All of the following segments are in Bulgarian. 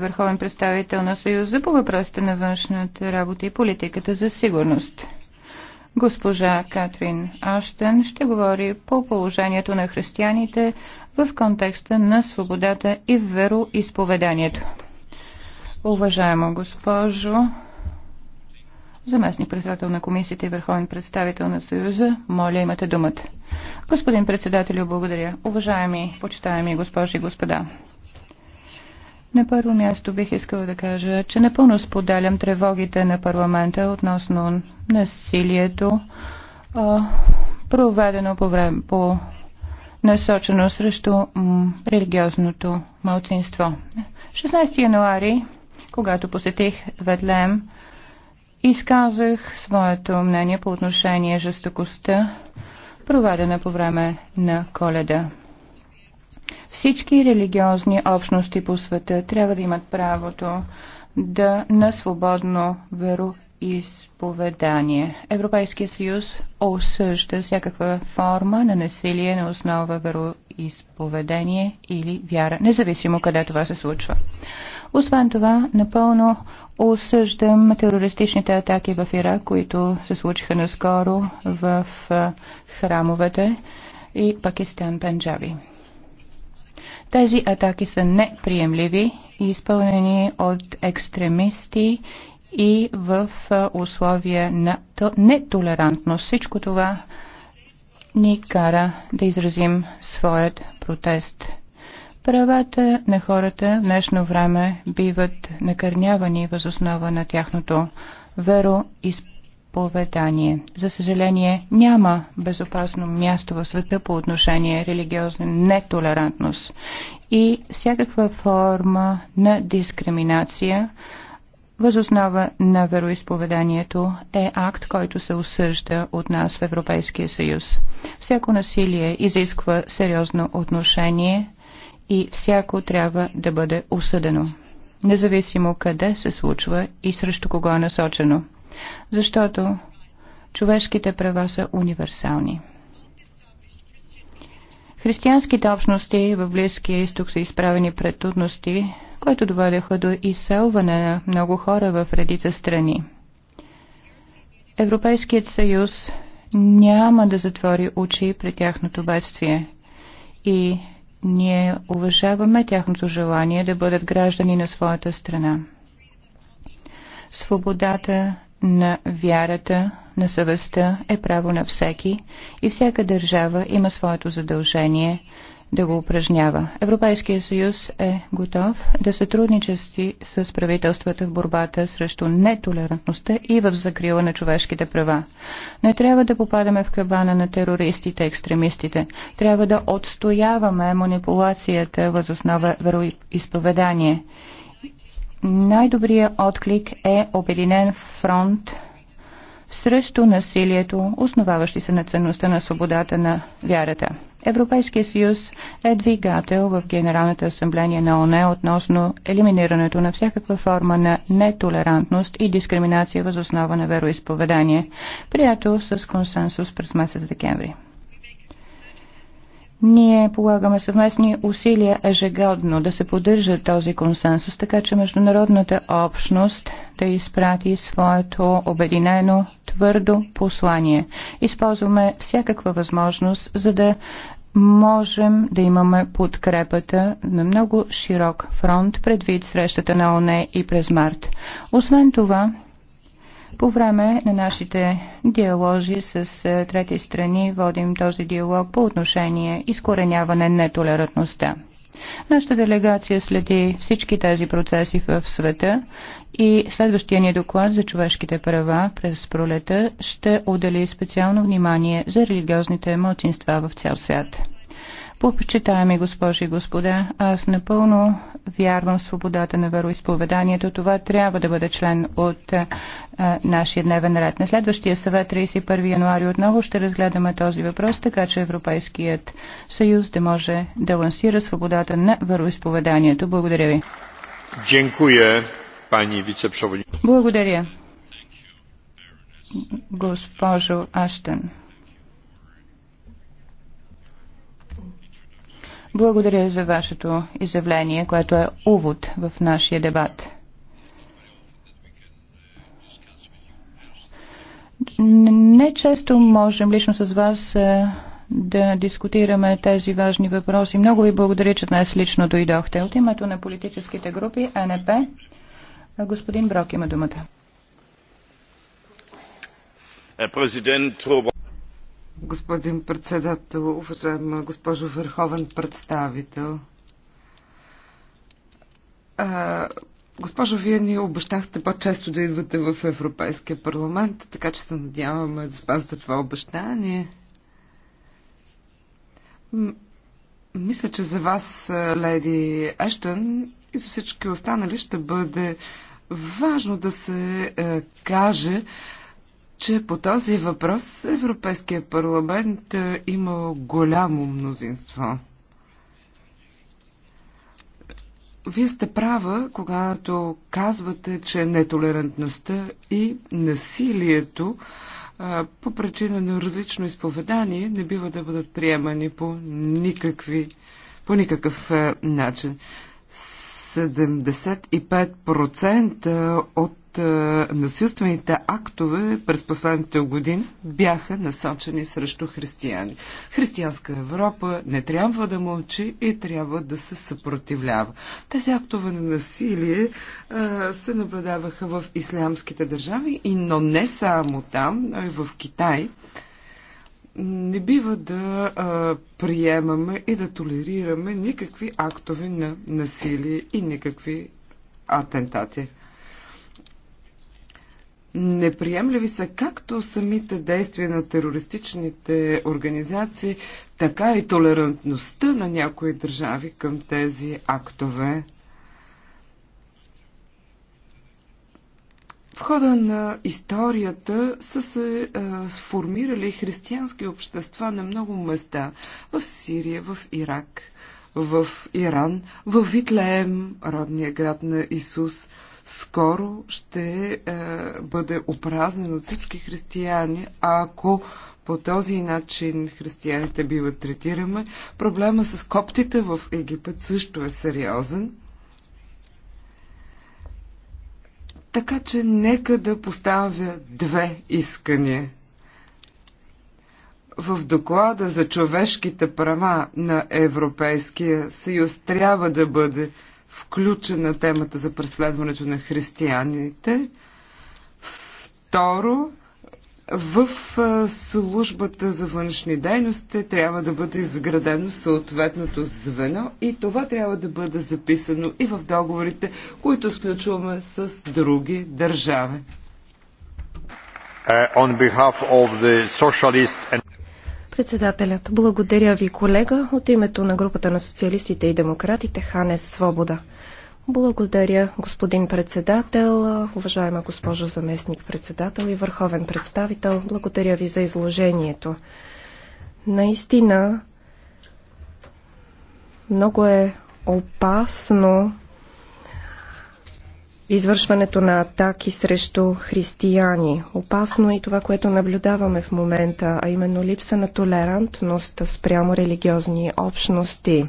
върховен представител на Съюза по въпросите на външната работа и политиката за сигурност. Госпожа Катрин Аштен ще говори по положението на християните в контекста на свободата и вероисповеданието. Уважаема госпожо, заместник председател на комисията и върховен представител на Съюза, моля имате думата. Господин председател, благодаря. Уважаеми, почитаеми госпожи и господа, на първо място бих искал да кажа, че напълно споделям тревогите на парламента относно насилието, проведено по, време, по насочено срещу религиозното мълцинство. 16 януари, когато посетих Ветлем, изказах своето мнение по отношение жестокостта, проведена по време на коледа. Всички религиозни общности по света трябва да имат правото да на свободно вероизповедание. Европейския съюз осъжда всякаква форма на насилие на основа вероизповедение или вяра, независимо къде това се случва. Освен това, напълно осъждам терористичните атаки в Ирак, които се случиха наскоро в храмовете и Пакистан Пенджаби. Тези атаки са неприемливи и изпълнени от екстремисти и в условия на нетолерантност. Всичко това ни кара да изразим своят протест. Правата на хората в днешно време биват накърнявани възоснова на тяхното вероизпълнение изповедание. За съжаление, няма безопасно място в света по отношение религиозна нетолерантност и всякаква форма на дискриминация възоснова на вероисповеданието е акт, който се осъжда от нас в Европейския съюз. Всяко насилие изисква сериозно отношение и всяко трябва да бъде осъдено, независимо къде се случва и срещу кого е насочено защото човешките права са универсални. Християнските общности в Близкия изток са изправени пред трудности, които доведеха до изселване на много хора в редица страни. Европейският съюз няма да затвори очи при тяхното бедствие и ние уважаваме тяхното желание да бъдат граждани на своята страна. Свободата на вярата, на съвестта е право на всеки и всяка държава има своето задължение да го упражнява. Европейския съюз е готов да сътрудничести с правителствата в борбата срещу нетолерантността и в закрила на човешките права. Не трябва да попадаме в кабана на терористите, екстремистите. Трябва да отстояваме манипулацията възоснова вероизповедание най-добрият отклик е Обединен фронт срещу насилието, основаващи се на ценността на свободата на вярата. Европейския съюз е двигател в Генералната асамблея на ОНЕ относно елиминирането на всякаква форма на нетолерантност и дискриминация въз основа на вероисповедание, прието с консенсус през месец декември. Ние полагаме съвместни усилия ежегодно да се поддържа този консенсус, така че международната общност да изпрати своето обединено твърдо послание. Използваме всякаква възможност, за да можем да имаме подкрепата на много широк фронт предвид срещата на ОНЕ и през март. Освен това, по време на нашите диалози с е, трети страни водим този диалог по отношение изкореняване на толерантността. Нашата делегация следи всички тези процеси в света и следващия ни доклад за човешките права през пролета ще отдели специално внимание за религиозните младсинства в цял свят. Почитаеми госпожи и господа, аз напълно вярвам в свободата на вероисповеданието. Това трябва да бъде член от а, нашия дневен ред. На следващия съвет 31 януари отново ще разгледаме този въпрос, така че Европейският съюз да може да лансира свободата на вероисповеданието. Благодаря ви. Благодаря. Госпожо Аштен. Благодаря за вашето изявление, което е увод в нашия дебат. Не често можем лично с вас е, да дискутираме тези важни въпроси. Много ви благодаря, че днес лично дойдохте. От името на политическите групи НП, господин Брок има думата. Е, президент господин председател, уважаема госпожо Върховен представител. А, госпожо, вие ни обещахте по-често да идвате в Европейския парламент, така че се надяваме да спазите това обещание. мисля, че за вас, леди Ештън, и за всички останали ще бъде важно да се е, каже, че по този въпрос Европейския парламент е, има голямо мнозинство. Вие сте права, когато казвате, че нетолерантността и насилието а, е, по причина на различно изповедание не бива да бъдат приемани по, никакви, по никакъв а, е, начин. 75% от насилствените актове през последните години бяха насочени срещу християни. Християнска Европа не трябва да мълчи и трябва да се съпротивлява. Тези актове на насилие се наблюдаваха в ислямските държави, но не само там, но и в Китай не бива да а, приемаме и да толерираме никакви актове на насилие и никакви атентати. Неприемливи са както самите действия на терористичните организации, така и толерантността на някои държави към тези актове. В хода на историята са се а, е, сформирали християнски общества на много места в Сирия, в Ирак, в Иран, в Витлеем, родния град на Исус, скоро ще е, бъде опразнен от всички християни, ако по този начин християните биват третираме. Проблема с коптите в Египет също е сериозен. Така че нека да поставя две искания. В доклада за човешките права на Европейския съюз трябва да бъде включена темата за преследването на християните. Второ, в службата за външни дейности трябва да бъде изградено съответното звено и това трябва да бъде записано и в договорите, които сключваме с други държави. Uh, and... Председателят, благодаря ви, колега, от името на групата на социалистите и демократите Ханес Свобода. Благодаря, господин председател, уважаема госпожо заместник председател и върховен представител. Благодаря ви за изложението. Наистина, много е опасно извършването на атаки срещу християни. Опасно е и това, което наблюдаваме в момента, а именно липса на толерантност спрямо религиозни общности.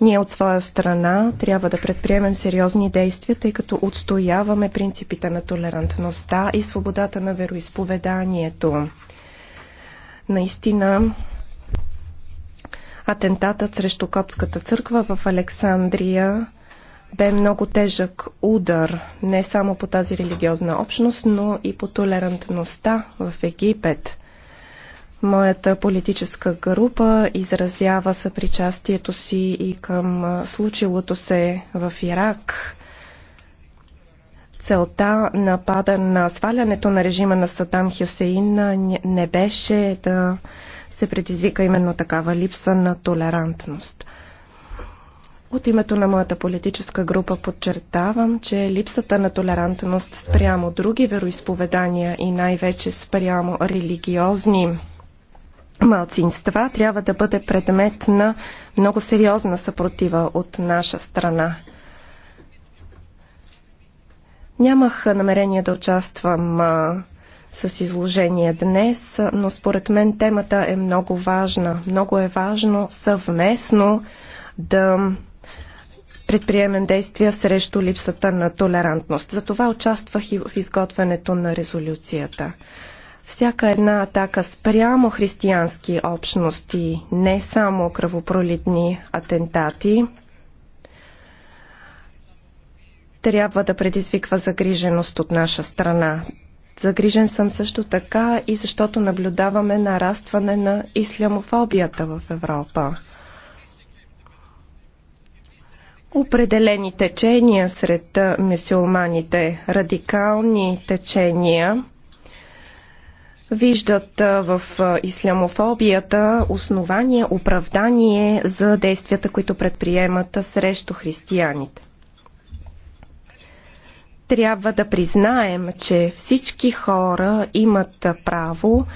Ние от своя страна трябва да предприемем сериозни действия, тъй като отстояваме принципите на толерантността и свободата на вероисповеданието. Наистина, атентатът срещу Копската църква в Александрия бе много тежък удар не само по тази религиозна общност, но и по толерантността в Египет. Моята политическа група изразява съпричастието си и към случилото се в Ирак. Целта на пада на свалянето на режима на Садам Хюсеин не беше да се предизвика именно такава липса на толерантност. От името на моята политическа група подчертавам, че липсата на толерантност спрямо други вероисповедания и най-вече спрямо религиозни малцинства трябва да бъде предмет на много сериозна съпротива от наша страна. Нямах намерение да участвам а, с изложение днес, но според мен темата е много важна. Много е важно съвместно да предприемем действия срещу липсата на толерантност. Затова участвах и в изготвянето на резолюцията. Всяка една атака спрямо християнски общности, не само кръвопролитни атентати, трябва да предизвиква загриженост от наша страна. Загрижен съм също така и защото наблюдаваме нарастване на ислямофобията в Европа определени течения сред мюсюлманите, радикални течения, виждат в ислямофобията основание, оправдание за действията, които предприемат срещу християните. Трябва да признаем, че всички хора имат право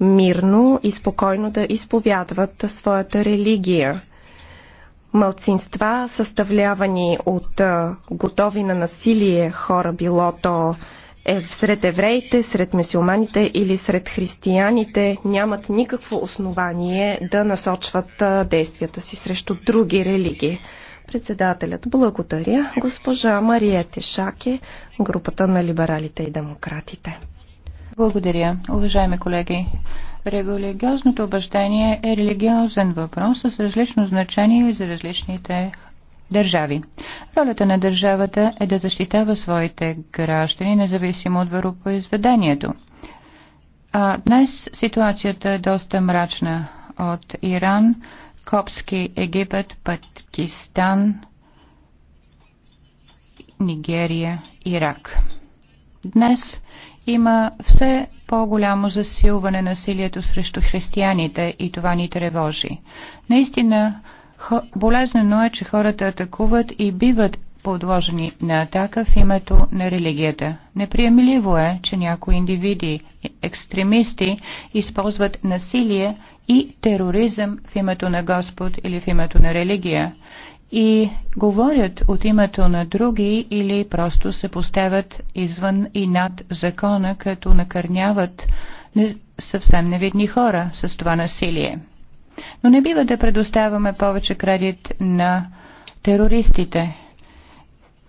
мирно и спокойно да изповядват своята религия – мълцинства, съставлявани от готови на насилие хора, било то е сред евреите, сред мусулманите или сред християните, нямат никакво основание да насочват действията си срещу други религии. Председателят благодаря госпожа Мария Тешаке, групата на либералите и демократите. Благодаря, уважаеми колеги. Религиозното обещание е религиозен въпрос с различно значение за различните държави. Ролята на държавата е да защитава своите граждани, независимо от вероповезведението. А днес ситуацията е доста мрачна от Иран, Копски, Египет, Пакистан, Нигерия, Ирак. Днес има все по-голямо засилване на насилието срещу християните и това ни тревожи. Наистина, болезнено е, че хората атакуват и биват подложени на атака в името на религията. Неприемливо е, че някои индивиди, екстремисти, използват насилие и тероризъм в името на Господ или в името на религия и говорят от името на други или просто се поставят извън и над закона, като накърняват съвсем невидни хора с това насилие. Но не бива да предоставяме повече кредит на терористите.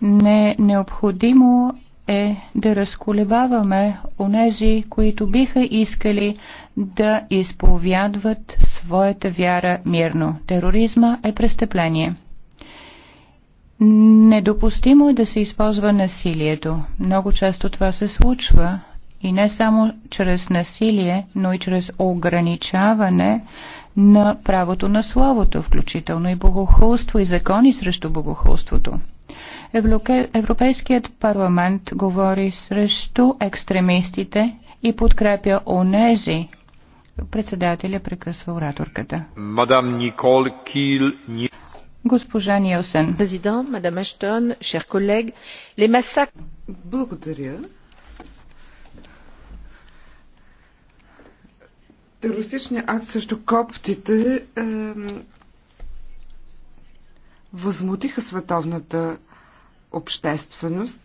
Не необходимо е да разколебаваме онези, които биха искали да изповядват своята вяра мирно. Тероризма е престъпление. Недопустимо е да се използва насилието. Много често това се случва и не само чрез насилие, но и чрез ограничаване на правото на словото, включително и богохулство и закони срещу богохулството. Европейският парламент говори срещу екстремистите и подкрепя онези, председателя прекъсва ораторката. Мадам Никол Кил... Госпожа Нилсен. Президент, мадам Аштон, шер колег, ле масак... Благодаря. Терористичният акт срещу коптите е, възмутиха световната общественост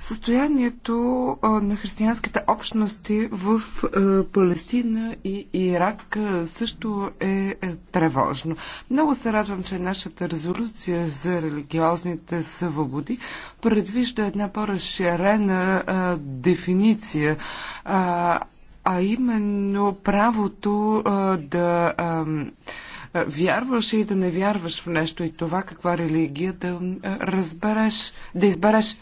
Състоянието на християнските общности в Палестина и Ирак също е, е тревожно. Много се радвам, че нашата резолюция за религиозните свободи предвижда една по-разширена дефиниция, а, именно правото а, да. А, вярваш и да не вярваш в нещо и това каква религия да разбереш, да избереш.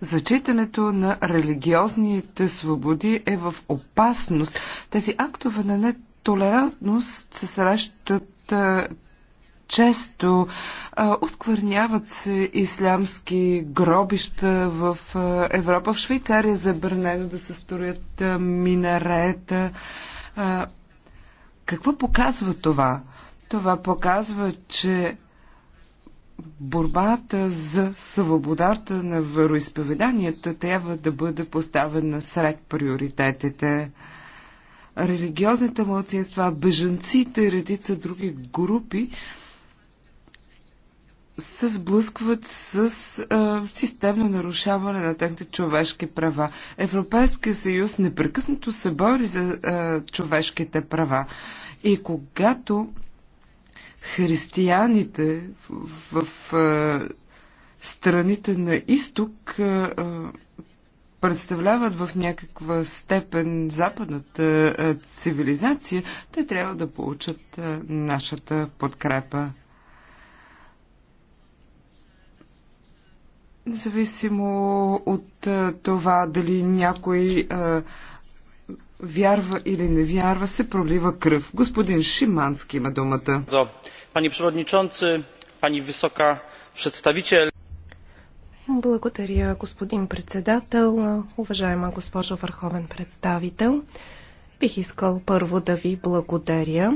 Зачитането на религиозните свободи е в опасност. Тези актове на нетолерантност се срещат а, често. А, осквърняват се ислямски гробища в а, Европа. В Швейцария е забранено да се строят а, минарета. А, какво показва това? Това показва, че борбата за свободата на вероисповеданията трябва да бъде поставена сред приоритетите. Религиозните младсинства, бежанците и редица други групи се сблъскват с а, системно нарушаване на техните човешки права. Европейския съюз непрекъснато се бори за а, човешките права. И когато християните в, в страните на изток представляват в някаква степен западната цивилизация, те трябва да получат нашата подкрепа. Независимо от това дали някой вярва или не вярва, се пролива кръв. Господин Шимански има думата. Пани Przewodniczący, пани висока представител. Благодаря, господин председател, уважаема госпожо върховен представител. Бих искал първо да ви благодаря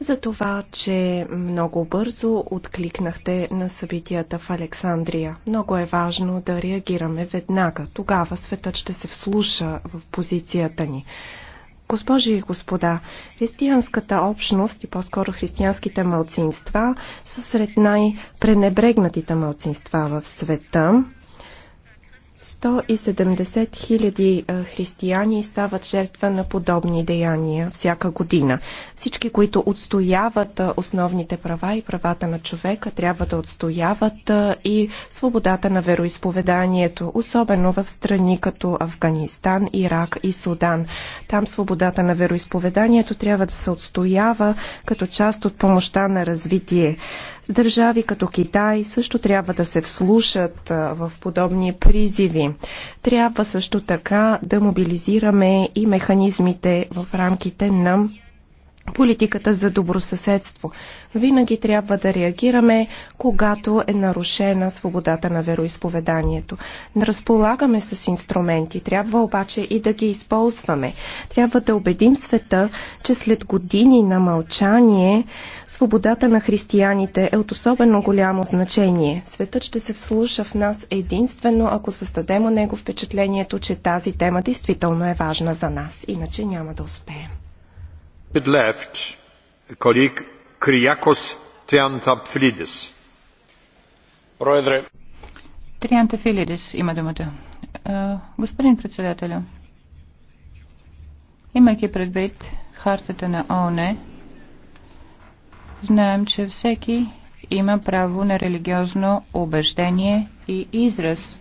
за това, че много бързо откликнахте на събитията в Александрия. Много е важно да реагираме веднага. Тогава светът ще се вслуша в позицията ни. Госпожи и господа, християнската общност и по-скоро християнските мълцинства са сред най-пренебрегнатите мълцинства в света. 170 хиляди християни стават жертва на подобни деяния всяка година. Всички, които отстояват основните права и правата на човека, трябва да отстояват и свободата на вероисповеданието, особено в страни като Афганистан, Ирак и Судан. Там свободата на вероисповеданието трябва да се отстоява като част от помощта на развитие. Държави като Китай също трябва да се вслушат в подобни призиви. Трябва също така да мобилизираме и механизмите в рамките на политиката за добросъседство. Винаги трябва да реагираме, когато е нарушена свободата на вероисповеданието. Разполагаме с инструменти, трябва обаче и да ги използваме. Трябва да убедим света, че след години на мълчание свободата на християните е от особено голямо значение. Светът ще се вслуша в нас единствено, ако създадем у него впечатлението, че тази тема действително е важна за нас. Иначе няма да успеем. Триантафилидис има думата. Господин председателю, имайки предвид хартата на ООН, знаем, че всеки има право на религиозно убеждение и израз.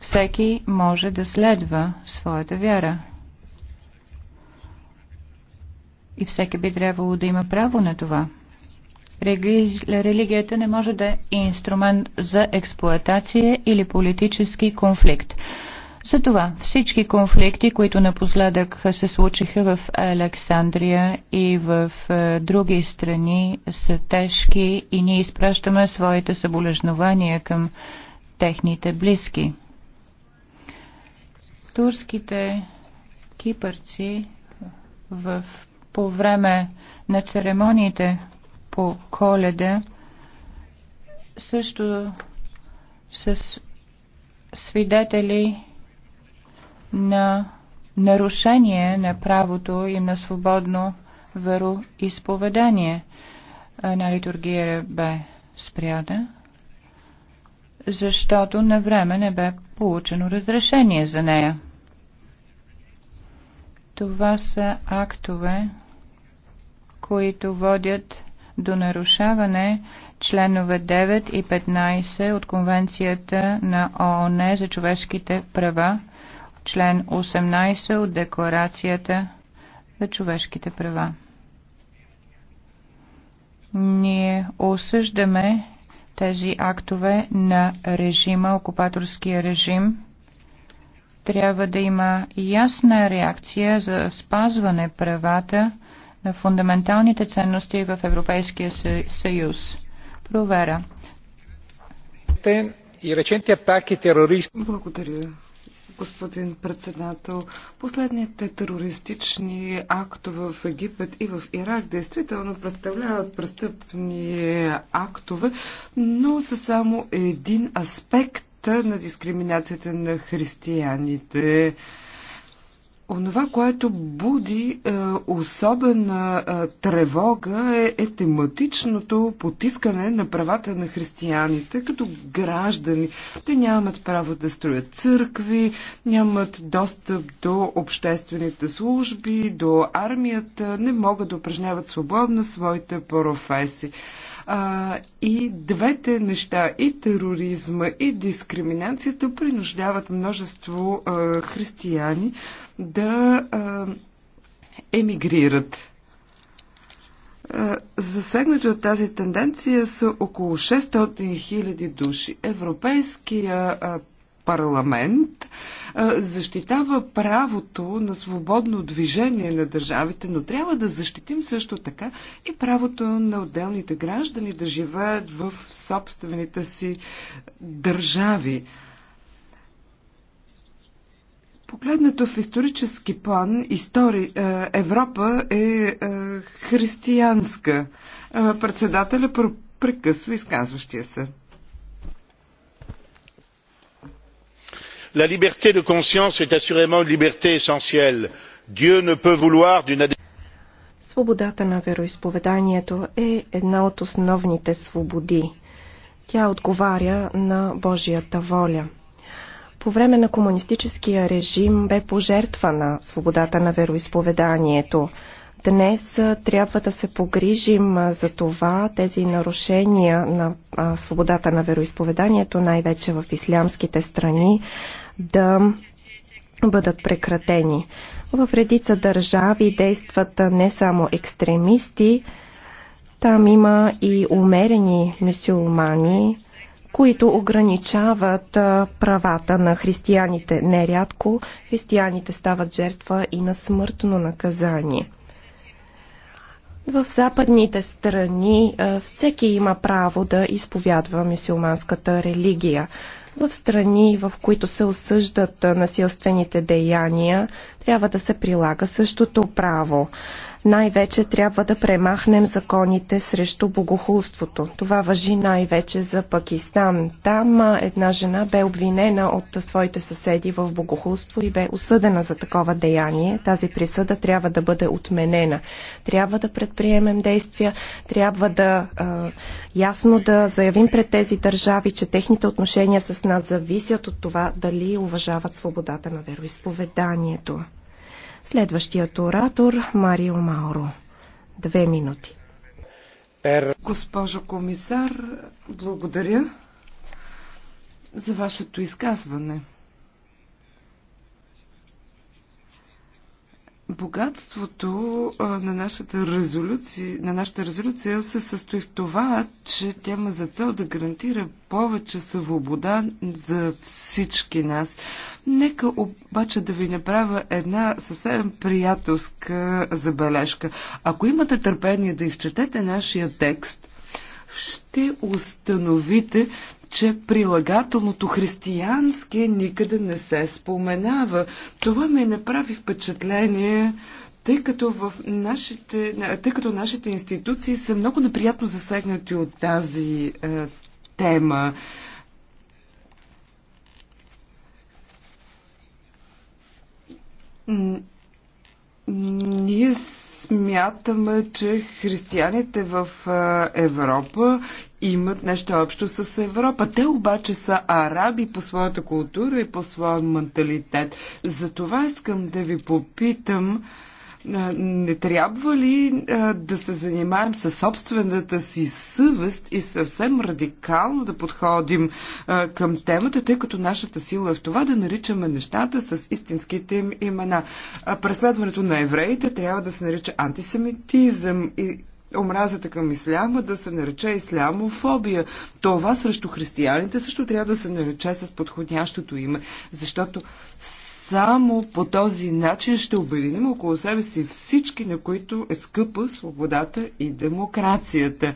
Всеки може да следва своята вяра. и всеки би трябвало да има право на това. Религията не може да е инструмент за експлоатация или политически конфликт. Затова всички конфликти, които напоследък се случиха в Александрия и в е, други страни, са тежки и ние изпращаме своите съболежнования към техните близки. Турските кипърци в по време на церемониите по коледа също с свидетели на нарушение на правото и на свободно вероисповедание. на литургия бе спряда, защото на време не бе получено разрешение за нея. Това са актове, които водят до нарушаване членове 9 и 15 от Конвенцията на ООН за човешките права, член 18 от Декларацията за човешките права. Ние осъждаме тези актове на режима, окупаторския режим. Трябва да има ясна реакция за спазване правата на фундаменталните ценности в Европейския съюз. Провера. Благодаря, господин председател. Последните терористични актове в Египет и в Ирак действително представляват престъпни актове, но са само един аспект на дискриминацията на християните. Онова, което буди е, особена е, тревога е, е тематичното потискане на правата на християните като граждани. Те нямат право да строят църкви, нямат достъп до обществените служби, до армията, не могат да упражняват свободно своите професии. А, и двете неща, и тероризма, и дискриминацията принуждават множество а, християни да а, емигрират. Засегнати от тази тенденция са около 600 000 души. Европейския парламент защитава правото на свободно движение на държавите, но трябва да защитим също така и правото на отделните граждани да живеят в собствените си държави. Погледнато в исторически план, истори, Европа е християнска. Председателя прекъсва изказващия се. la liberté de conscience est assurément une liberté essentielle. Dieu ne peut vouloir d'une Свободата на вероисповеданието е една от основните свободи. Тя отговаря на Божията воля. По време на комунистическия режим бе пожертвана свободата на вероисповеданието. Днес трябва да се погрижим за това тези нарушения на свободата на вероисповеданието, най-вече в ислямските страни, да бъдат прекратени. В редица държави действат не само екстремисти, там има и умерени мюсюлмани, които ограничават правата на християните. Нерядко християните стават жертва и на смъртно наказание. В западните страни всеки има право да изповядва мюсюлманската религия. В страни, в които се осъждат насилствените деяния, трябва да се прилага същото право. Най-вече трябва да премахнем законите срещу богохулството. Това въжи най-вече за Пакистан. Там една жена бе обвинена от своите съседи в богохулство и бе осъдена за такова деяние. Тази присъда трябва да бъде отменена. Трябва да предприемем действия, трябва да е, ясно да заявим пред тези държави, че техните отношения с нас зависят от това дали уважават свободата на вероисповеданието. Следващият оратор Марио Мауро. Две минути. Госпожо комисар, благодаря за вашето изказване. Богатството на нашата резолюция, на нашата резолюция се състои в това, че тя има за цел да гарантира повече свобода за всички нас. Нека обаче да ви направя една съвсем приятелска забележка. Ако имате търпение да изчетете нашия текст, ще установите, че прилагателното християнски никъде не се споменава. Това ми направи впечатление, тъй като, в нашите, тъй като нашите институции са много неприятно засегнати от тази е, тема. Ние смятаме, че християните в Европа имат нещо общо с Европа. Те обаче са араби по своята култура и по своя менталитет. Затова искам да ви попитам, не трябва ли да се занимаем с собствената си съвест и съвсем радикално да подходим към темата, тъй като нашата сила е в това да наричаме нещата с истинските им имена? Преследването на евреите трябва да се нарича антисемитизъм и омразата към исляма да се нарече ислямофобия. Това срещу християните също трябва да се нарече с подходящото име, защото само по този начин ще обединим около себе си всички, на които е скъпа свободата и демокрацията.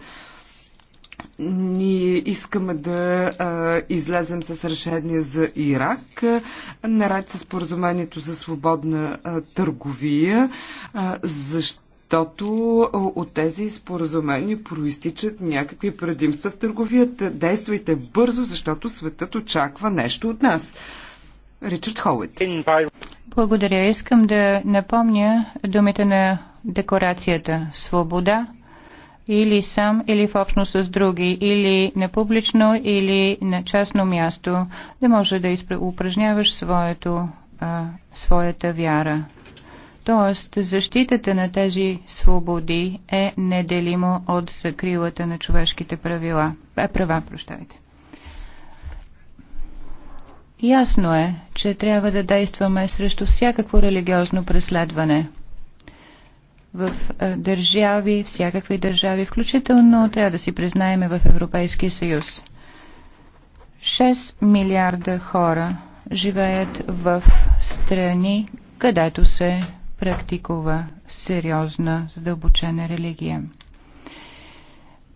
Ние искаме да а, излезем с решение за Ирак, а, наред с поразумението за свободна а, търговия, а, защото защото от тези споразумения проистичат някакви предимства в търговията. Действайте бързо, защото светът очаква нещо от нас. Ричард Хоуит. Благодаря. Искам да напомня думите на декорацията «Свобода» или сам, или в общност с други, или на публично, или на частно място, да може да упражняваш своето, а, своята вяра. Тоест, защитата на тези свободи е неделимо от закрилата на човешките правила. Е, права, прощавайте. Ясно е, че трябва да действаме срещу всякакво религиозно преследване в е, държави, всякакви държави, включително трябва да си признаеме в Европейския съюз. 6 милиарда хора живеят в страни, където се практикува сериозна задълбочена религия.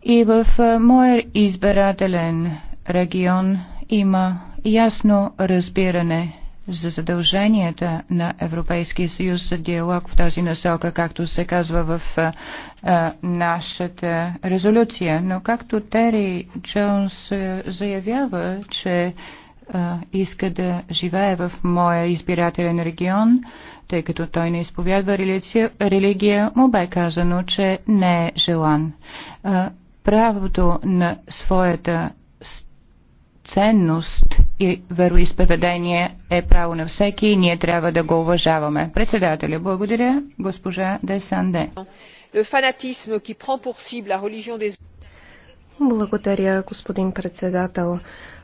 И в е, моя избирателен регион има ясно разбиране за задълженията на Европейския съюз за диалог в тази насока, както се казва в а, нашата резолюция. Но както Тери Джонс заявява, че а, иска да живее в моя избирателен регион, тъй като той не изповядва религия, религия му бе казано, че не е желан. А, правото на своята ценност и вероисповедание е право на всеки и ние трябва да го уважаваме. Председателя, благодаря, госпожа Десанде. Благодаря, господин председател.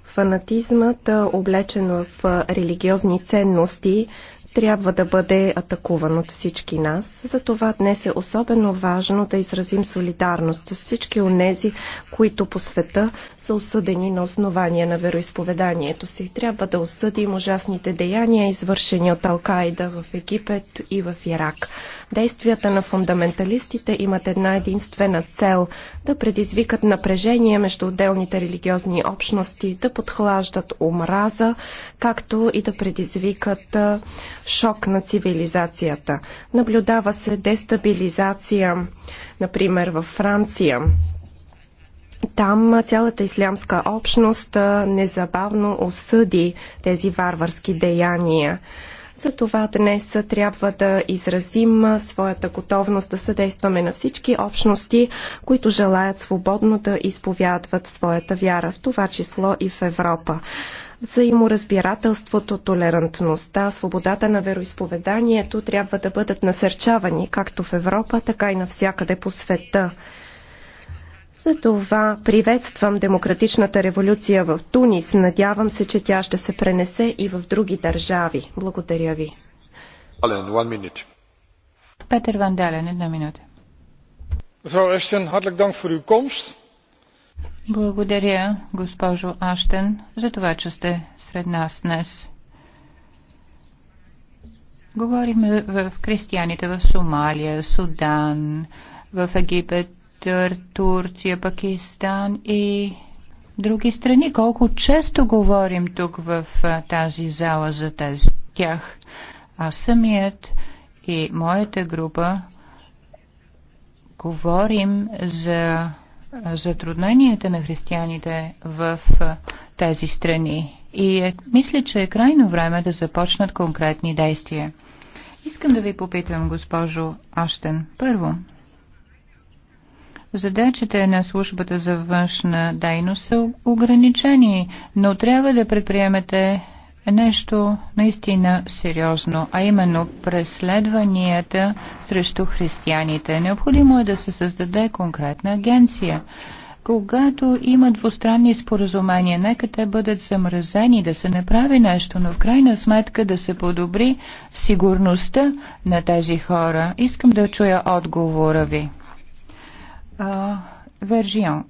Фанатизмът, облечен в религиозни ценности, трябва да бъде атакуван от всички нас. Затова днес е особено важно да изразим солидарност с всички онези, които по света са осъдени на основание на вероисповеданието си. Трябва да осъдим ужасните деяния, извършени от Алкаида в Египет и в Ирак. Действията на фундаменталистите имат една единствена цел – да предизвикат напрежение между отделните религиозни общности, да подхлаждат омраза, както и да предизвикат шок на цивилизацията. Наблюдава се дестабилизация, например във Франция. Там цялата ислямска общност незабавно осъди тези варварски деяния. Затова днес трябва да изразим своята готовност да съдействаме на всички общности, които желаят свободно да изповядват своята вяра, в това число и в Европа. Взаиморазбирателството, толерантността, свободата на вероисповеданието трябва да бъдат насърчавани както в Европа, така и навсякъде по света. Затова приветствам демократичната революция в Тунис. Надявам се, че тя ще се пренесе и в други държави. Благодаря ви. Петър Ван Дален, една минута. Mevrouw Ештен, hartelijk dank voor uw komst. Благодаря, госпожо Аштен, за това, че сте сред нас днес. Говорим в християните в Сомалия, Судан, в Египет, Турция, Пакистан и други страни. Колко често говорим тук в тази зала за тези, тях. Аз самият и моята група говорим за затрудненията на християните в тези страни. И е, мисля, че е крайно време да започнат конкретни действия. Искам да ви попитам, госпожо Аштен. Първо, Задачите на службата за външна дейност са ограничени, но трябва да предприемете е нещо наистина сериозно, а именно преследванията срещу християните. Необходимо е да се създаде конкретна агенция. Когато има двустранни споразумения, нека те бъдат замразени, да се направи нещо, но в крайна сметка да се подобри сигурността на тези хора. Искам да чуя отговора ви. Вержион.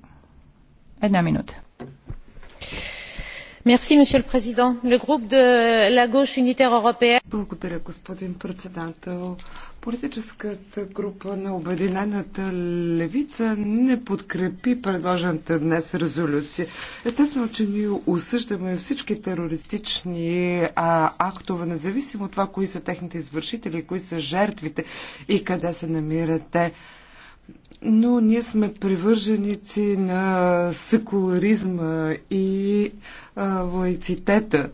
Една минута monsieur le président le groupe de la gauche unitaire européenne. Благодаря, господин председател. Политическата група на Обединената левица не подкрепи предложената днес резолюция. Естествено, че ние осъждаме всички терористични а, актове, независимо от това кои са техните извършители, кои са жертвите и къде се намират те но ние сме привърженици на секуларизма и а, лаицитета.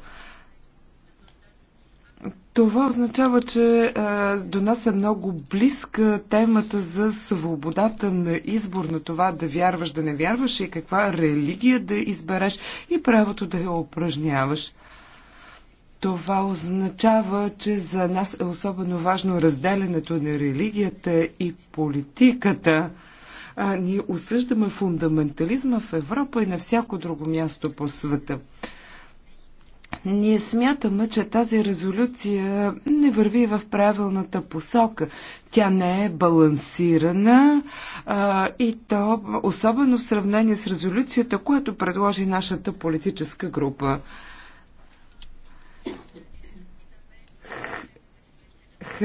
Това означава, че а, до нас е много близка темата за свободата на избор, на това да вярваш, да не вярваш и каква религия да избереш и правото да я упражняваш. Това означава, че за нас е особено важно разделянето на религията и политиката. А, ние осъждаме фундаментализма в Европа и на всяко друго място по света. Ние смятаме, че тази резолюция не върви в правилната посока. Тя не е балансирана а, и то особено в сравнение с резолюцията, която предложи нашата политическа група.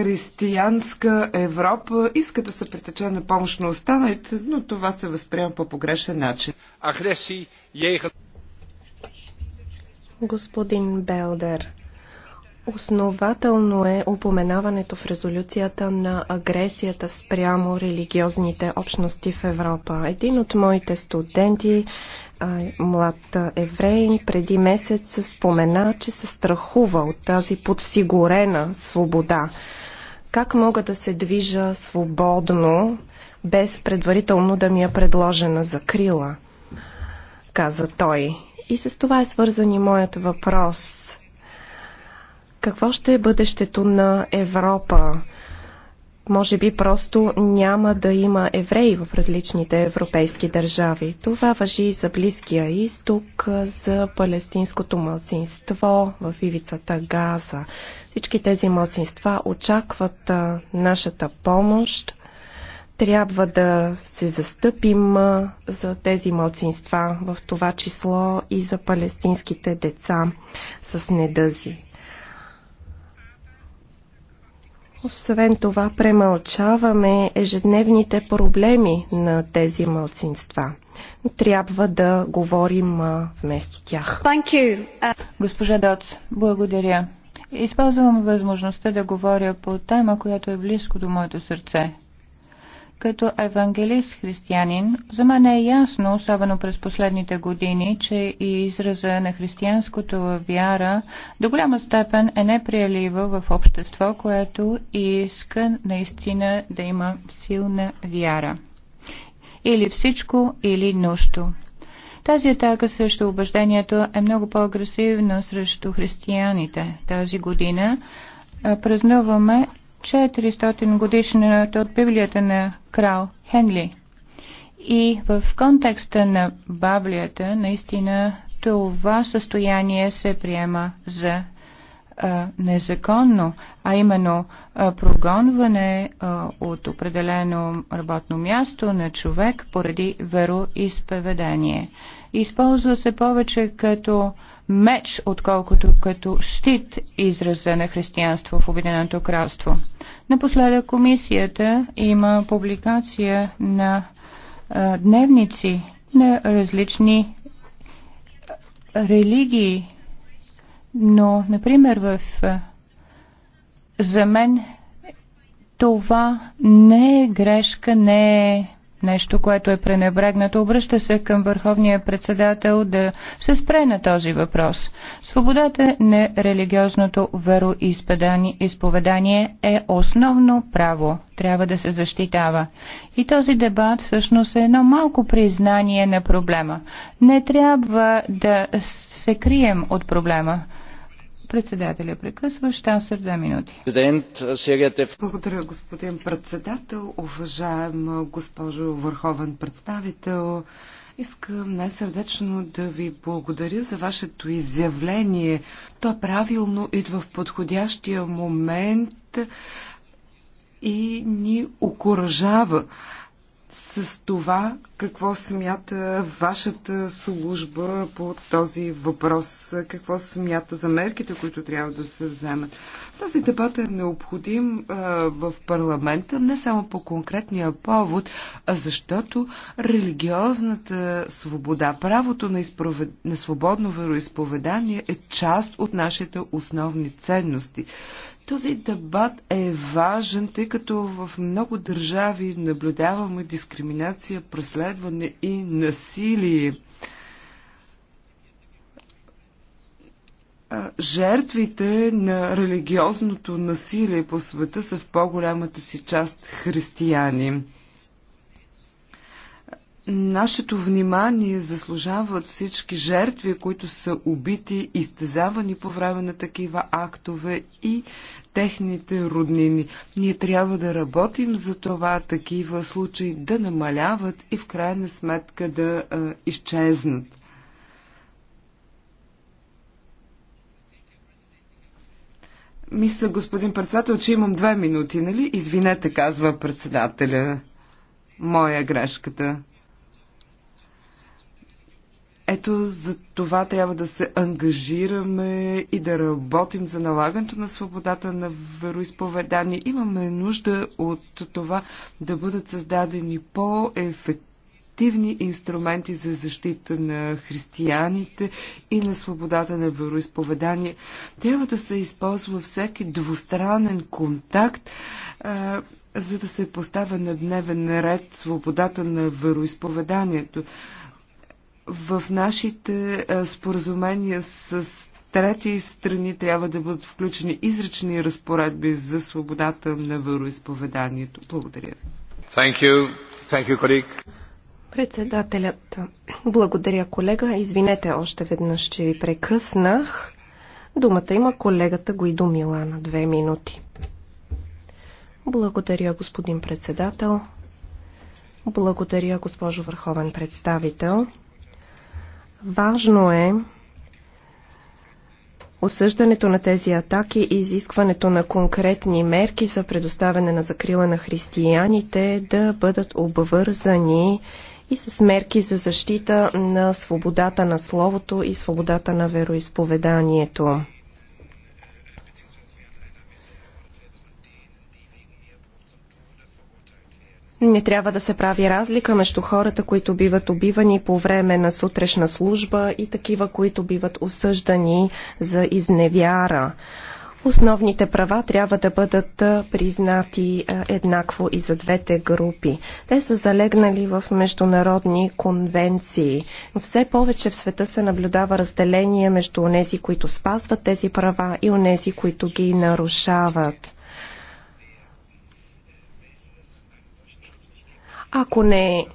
християнска Европа иска да се притече на помощ на останалите, но това се възприема по погрешен начин. Агресии, егер... Господин Белдер, основателно е упоменаването в резолюцията на агресията спрямо религиозните общности в Европа. Един от моите студенти, млад еврей, преди месец спомена, че се страхува от тази подсигурена свобода – как мога да се движа свободно, без предварително да ми е предложена закрила? Каза той. И с това е свързан и моят въпрос. Какво ще е бъдещето на Европа? може би просто няма да има евреи в различните европейски държави. Това въжи и за Близкия изток, за палестинското мълцинство в ивицата Газа. Всички тези младсинства очакват нашата помощ. Трябва да се застъпим за тези младсинства, в това число и за палестинските деца с недъзи. Освен това, премълчаваме ежедневните проблеми на тези малцинства. Трябва да говорим вместо тях. Госпожа Доц, благодаря. Използвам възможността да говоря по тема, която е близко до моето сърце. Като евангелист-християнин, за мен е ясно, особено през последните години, че и израза на християнското вяра до голяма степен е неприелива в общество, което иска наистина да има силна вяра. Или всичко, или нощо. Тази атака срещу убеждението е много по-агресивна срещу християните. Тази година празнуваме 400 годишната от Библията на крал Хенли. И в контекста на Баблията, наистина това състояние се приема за а, незаконно, а именно а, прогонване а, от определено работно място на човек поради вероизповедение. Използва се повече като меч, отколкото като щит израза на християнство в Обединеното кралство. Напоследък комисията има публикация на а, дневници на различни религии, но, например, в, за мен това не е грешка, не е нещо, което е пренебрегнато. Обръща се към върховния председател да се спре на този въпрос. Свободата на религиозното вероисповедание е основно право. Трябва да се защитава. И този дебат всъщност е едно малко признание на проблема. Не трябва да се крием от проблема. Председателя прекъсва. Щасър две минути. Е благодаря, господин председател. Уважаема госпожо върховен представител, Искам най-сърдечно да ви благодаря за вашето изявление. То правилно идва в подходящия момент и ни окоръжава с това какво смята вашата служба по този въпрос, какво смята за мерките, които трябва да се вземат. Този дебат е необходим а, в парламента не само по конкретния повод, а защото религиозната свобода, правото на, изпровед... на свободно вероисповедание е част от нашите основни ценности. Този дебат е важен, тъй като в много държави наблюдаваме дискриминация, преследване и насилие. Жертвите на религиозното насилие по света са в по-голямата си част християни. Нашето внимание заслужават всички жертви, които са убити, изтезавани по време на такива актове и техните роднини. Ние трябва да работим за това такива случаи да намаляват и в крайна сметка да а, изчезнат. Мисля, господин председател, че имам две минути, нали? Извинете, казва председателя. Моя е грешката. Ето за това трябва да се ангажираме и да работим за налагането на свободата на вероисповедание. Имаме нужда от това да бъдат създадени по-ефективни инструменти за защита на християните и на свободата на вероисповедание. Трябва да се използва всеки двустранен контакт за да се поставя на дневен ред свободата на вероисповеданието. В нашите е, споразумения с трети страни трябва да бъдат включени изречни разпоредби за свободата на вероисповеданието. Благодаря ви. Thank you. Thank you, Председателят, благодаря колега. Извинете още веднъж, че ви прекъснах. Думата има колегата Гуидо Мила на две минути. Благодаря, господин председател. Благодаря, госпожо Върховен представител. Важно е осъждането на тези атаки и изискването на конкретни мерки за предоставяне на закрила на християните да бъдат обвързани и с мерки за защита на свободата на словото и свободата на вероисповеданието. Не трябва да се прави разлика между хората, които биват убивани по време на сутрешна служба и такива, които биват осъждани за изневяра. Основните права трябва да бъдат признати еднакво и за двете групи. Те са залегнали в международни конвенции. Но все повече в света се наблюдава разделение между онези, които спазват тези права и онези, които ги нарушават. Ако не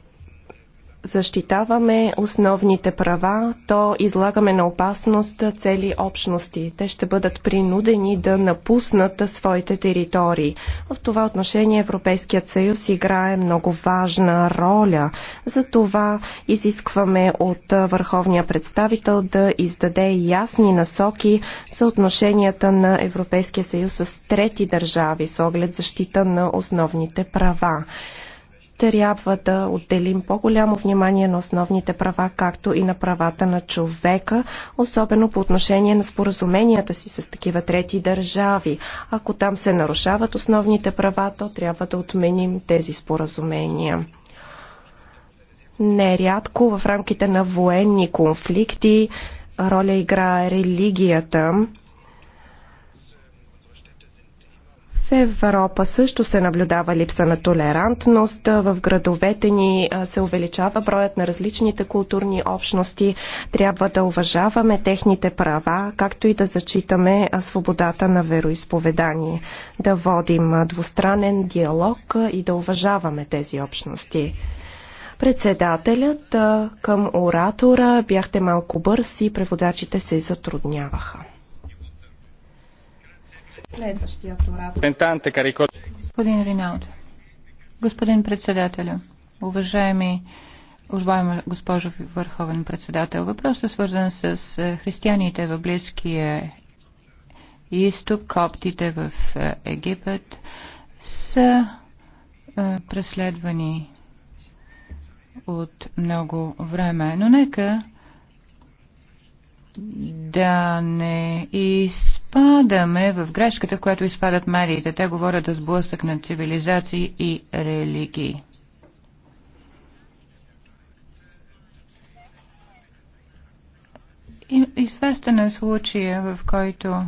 защитаваме основните права, то излагаме на опасност цели общности. Те ще бъдат принудени да напуснат своите територии. В това отношение Европейският съюз играе много важна роля. Затова изискваме от върховния представител да издаде ясни насоки за отношенията на Европейския съюз с трети държави с оглед защита на основните права трябва да отделим по-голямо внимание на основните права, както и на правата на човека, особено по отношение на споразуменията си с такива трети държави. Ако там се нарушават основните права, то трябва да отменим тези споразумения. Нерядко в рамките на военни конфликти роля играе религията В Европа също се наблюдава липса на толерантност. В градовете ни се увеличава броят на различните културни общности. Трябва да уважаваме техните права, както и да зачитаме свободата на вероисповедание. Да водим двустранен диалог и да уважаваме тези общности. Председателят към оратора бяхте малко бърз и преводачите се затрудняваха. Следващият оратор. Господин Риналдо, господин председателю, уважаеми Уважаема госпожо Върховен председател, въпросът е свързан с е, християните в Близкия изток, коптите в е, Египет са е, преследвани от много време. Но нека да не изпълняваме изпадаме в грешката, в която изпадат медиите. Те говорят за сблъсък на цивилизации и религии. Известен е случая, в който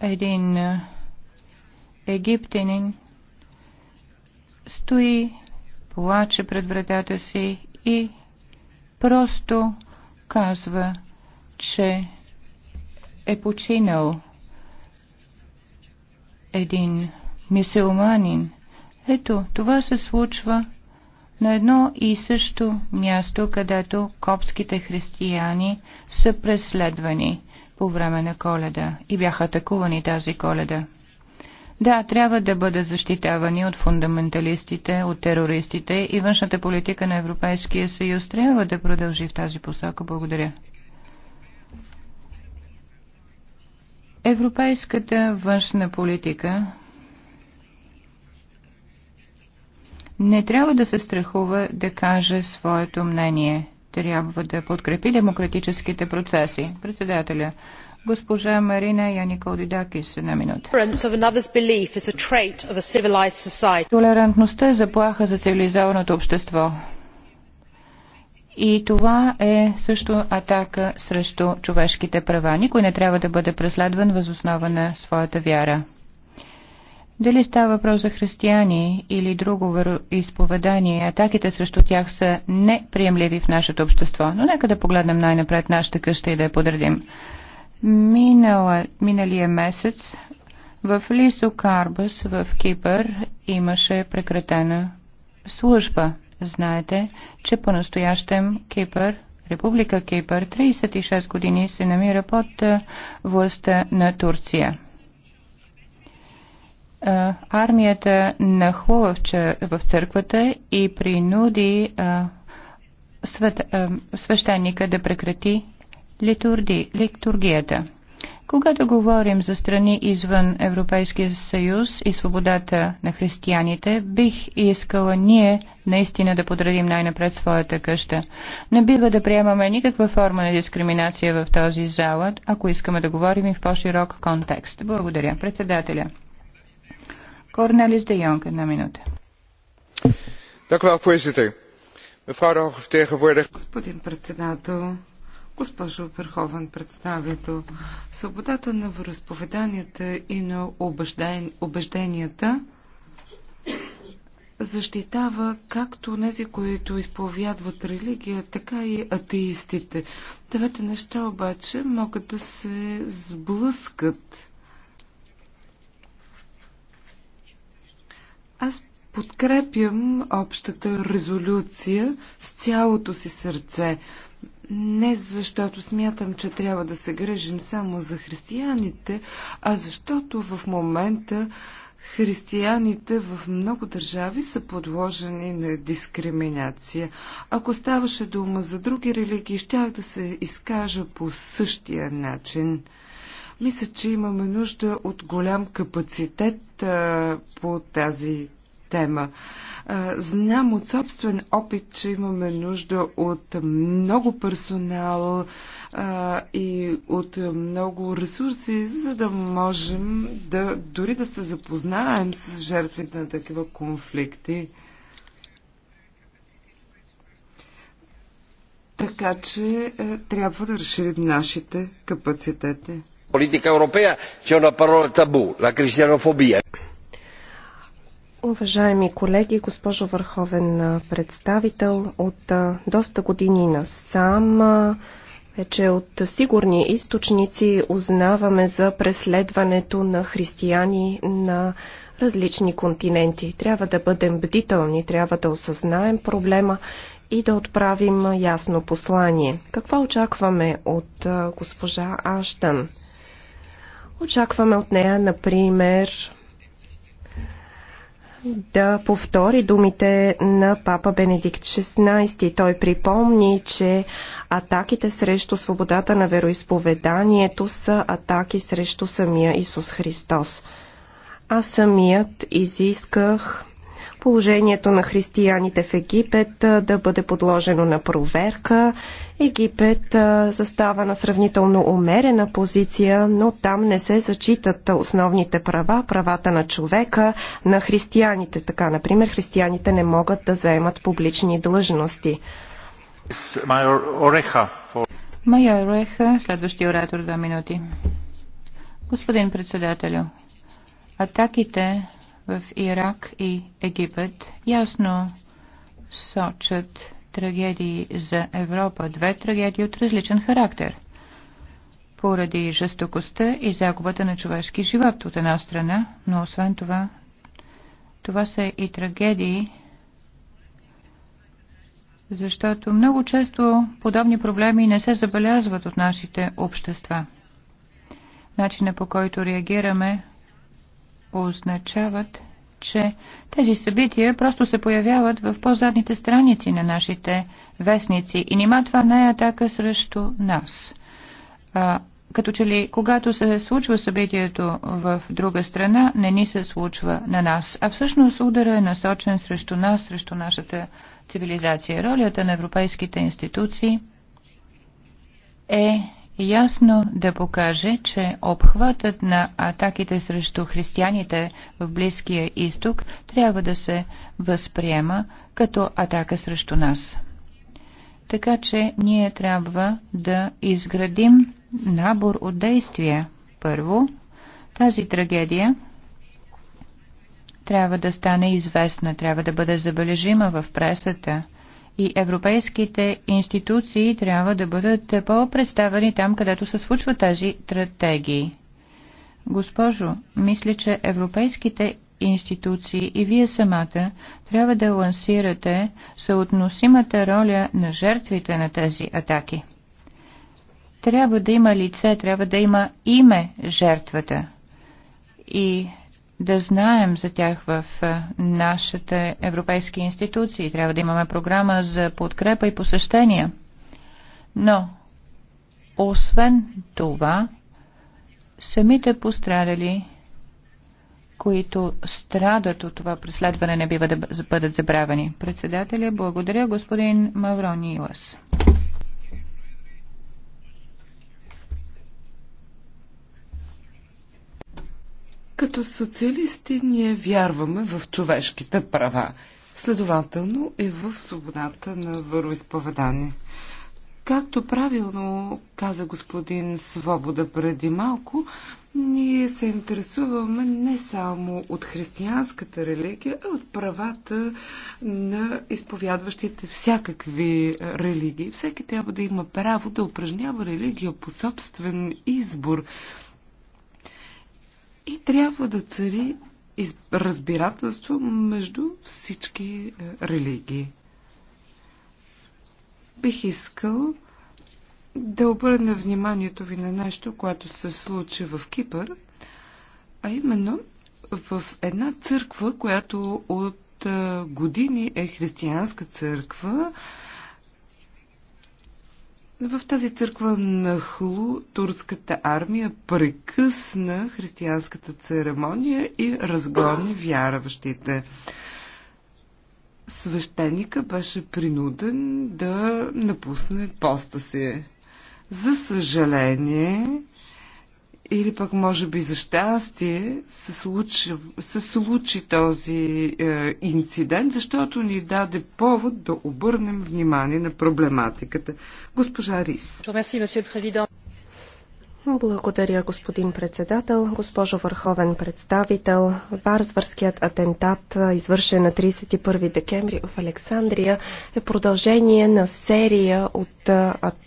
един египтянин стои, плаче пред вратата си и просто казва, че е починал един мисеоманин. Ето, това се случва на едно и също място, където копските християни са преследвани по време на коледа и бяха атакувани тази коледа. Да, трябва да бъдат защитавани от фундаменталистите, от терористите и външната политика на Европейския съюз трябва да продължи в тази посока. Благодаря. Европейската външна политика не трябва да се страхува да каже своето мнение. Трябва да подкрепи демократическите процеси. Председателя, госпожа Марина Яниколдидакис, една минута. Толерантността е заплаха за цивилизованото общество. И това е също атака срещу човешките права. Никой не трябва да бъде преследван въз основа на своята вяра. Дали става въпрос за християни или друго изповедание, атаките срещу тях са неприемливи в нашето общество. Но нека да погледнем най-напред нашата къща и да я подредим. Минала, миналия месец в Лисо Карбас в Кипър имаше прекратена служба знаете, че по-настоящем Кипър, Република Кипър, 36 години се намира под властта на Турция. Армията нахлува в църквата и принуди свещеника да прекрати литургията. Когато говорим за страни извън Европейския съюз и свободата на християните, бих искала ние наистина да подредим най-напред своята къща. Не бива да приемаме никаква форма на дискриминация в този залът, ако искаме да говорим и в по-широк контекст. Благодаря. Председателя. Корнелис де Йонг, една минута. Господин председател, Госпожо Върховен представител, свободата на вероисповеданията и на убежденията защитава както тези, които изповядват религия, така и атеистите. Двете неща обаче могат да се сблъскат. Аз подкрепям общата резолюция с цялото си сърце не защото смятам, че трябва да се грежим само за християните, а защото в момента християните в много държави са подложени на дискриминация. Ако ставаше дума за други религии, щях да се изкажа по същия начин. Мисля, че имаме нужда от голям капацитет а, по тази тема. Знам от собствен опит, че имаме нужда от много персонал и от много ресурси, за да можем да дори да се запознаем с жертвите на такива конфликти. Така че е, трябва да разширим нашите капацитети. Политика европея, че е една парола табу, la cristianofobia. Уважаеми колеги, госпожо Върховен представител, от доста години насам вече от сигурни източници узнаваме за преследването на християни на различни континенти. Трябва да бъдем бдителни, трябва да осъзнаем проблема и да отправим ясно послание. Какво очакваме от госпожа Аштън? Очакваме от нея, например, да повтори думите на папа Бенедикт XVI. Той припомни, че атаките срещу свободата на вероисповеданието са атаки срещу самия Исус Христос. Аз самият изисках положението на християните в Египет да бъде подложено на проверка. Египет застава на сравнително умерена позиция, но там не се зачитат основните права, правата на човека, на християните. Така, например, християните не могат да заемат публични длъжности. Майор Ореха, следващия оратор, два минути. Господин председателю, атаките в Ирак и Египет ясно сочат трагедии за Европа. Две трагедии от различен характер. Поради жестокостта и загубата на човешки живот от една страна, но освен това, това са и трагедии, защото много често подобни проблеми не се забелязват от нашите общества. Начина по който реагираме означават, че тези събития просто се появяват в по-задните страници на нашите вестници. И нема това не е атака срещу нас. А, като че ли, когато се случва събитието в друга страна, не ни се случва на нас. А всъщност удара е насочен срещу нас, срещу нашата цивилизация. Ролята на европейските институции е ясно да покаже, че обхватът на атаките срещу християните в Близкия изток трябва да се възприема като атака срещу нас. Така че ние трябва да изградим набор от действия. Първо, тази трагедия трябва да стане известна, трябва да бъде забележима в пресата, и европейските институции трябва да бъдат по-представени там, където се случва тази стратегии. Госпожо, мисля, че европейските институции и вие самата трябва да лансирате съотносимата роля на жертвите на тези атаки. Трябва да има лице, трябва да има име жертвата. И да знаем за тях в нашите европейски институции. Трябва да имаме програма за подкрепа и посещения. Но, освен това, самите пострадали, които страдат от това преследване, не бива да бъдат забравени. Председателя, благодаря господин Мавронилас. Като социалисти ние вярваме в човешките права, следователно и в свободата на вероисповедание. Както правилно каза господин Свобода преди малко, ние се интересуваме не само от християнската религия, а от правата на изповядващите всякакви религии. Всеки трябва да има право да упражнява религия по собствен избор. И трябва да цари разбирателство между всички е, религии. Бих искал да обърна вниманието ви на нещо, което се случи в Кипър, а именно в една църква, която от е, години е християнска църква, в тази църква на Хлу турската армия прекъсна християнската церемония и разгони вярващите. Свещеника беше принуден да напусне поста си. За съжаление, или пък може би за щастие се случи, се случи този е, инцидент, защото ни даде повод да обърнем внимание на проблематиката. Госпожа Рис. Благодаря, господин председател. Госпожо Върховен представител, Варзвърският атентат, извършен на 31 декември в Александрия, е продължение на серия от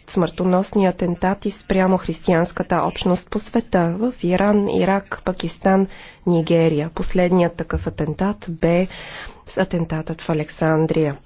смъртоносни атентати спрямо християнската общност по света в Иран, Ирак, Пакистан, Нигерия. Последният такъв атентат бе с атентатът в Александрия.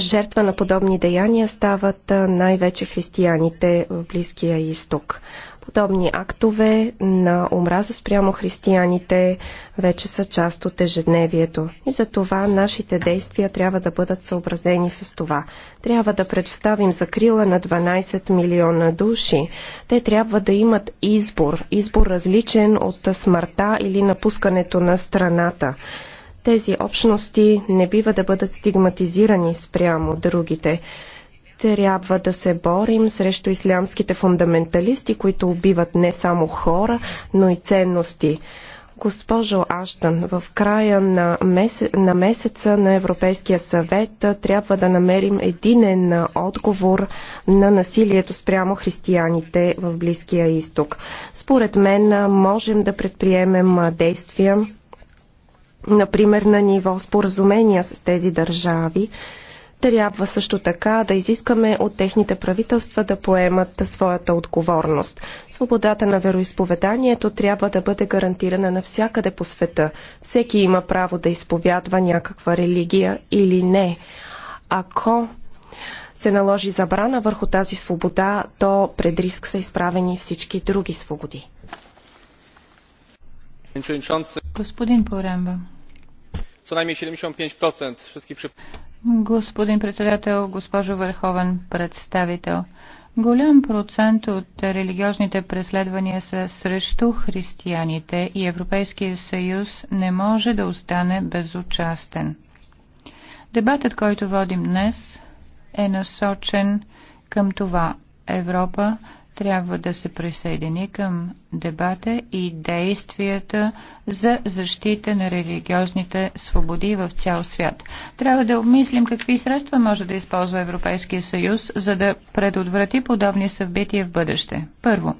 Жертва на подобни деяния стават най-вече християните в Близкия изток. Подобни актове на омраза спрямо християните вече са част от ежедневието. И за това нашите действия трябва да бъдат съобразени с това. Трябва да предоставим закрила на 12 милиона души. Те трябва да имат избор. Избор различен от смъртта или напускането на страната. Тези общности не бива да бъдат стигматизирани спрямо другите. Трябва да се борим срещу ислямските фундаменталисти, които убиват не само хора, но и ценности. Госпожо Аштан, в края на, месе, на месеца на Европейския съвет трябва да намерим единен отговор на насилието спрямо християните в Близкия изток. Според мен можем да предприемем действия например на ниво споразумения с тези държави. Трябва също така да изискаме от техните правителства да поемат своята отговорност. Свободата на вероисповеданието трябва да бъде гарантирана навсякъде по света. Всеки има право да изповядва някаква религия или не. Ако се наложи забрана върху тази свобода, то пред риск са изправени всички други свободи. Господин Поремба, co najmniej 75% wszystkich Господин председател, госпожо върховен представител, голям процент от религиозните преследвания са срещу християните и Европейския съюз не може да остане безучастен. Дебатът, който водим днес, е насочен към това Европа трябва да се присъедини към дебата и действията за защита на религиозните свободи в цял свят. Трябва да обмислим какви средства може да използва Европейския съюз, за да предотврати подобни събития в бъдеще. Първо,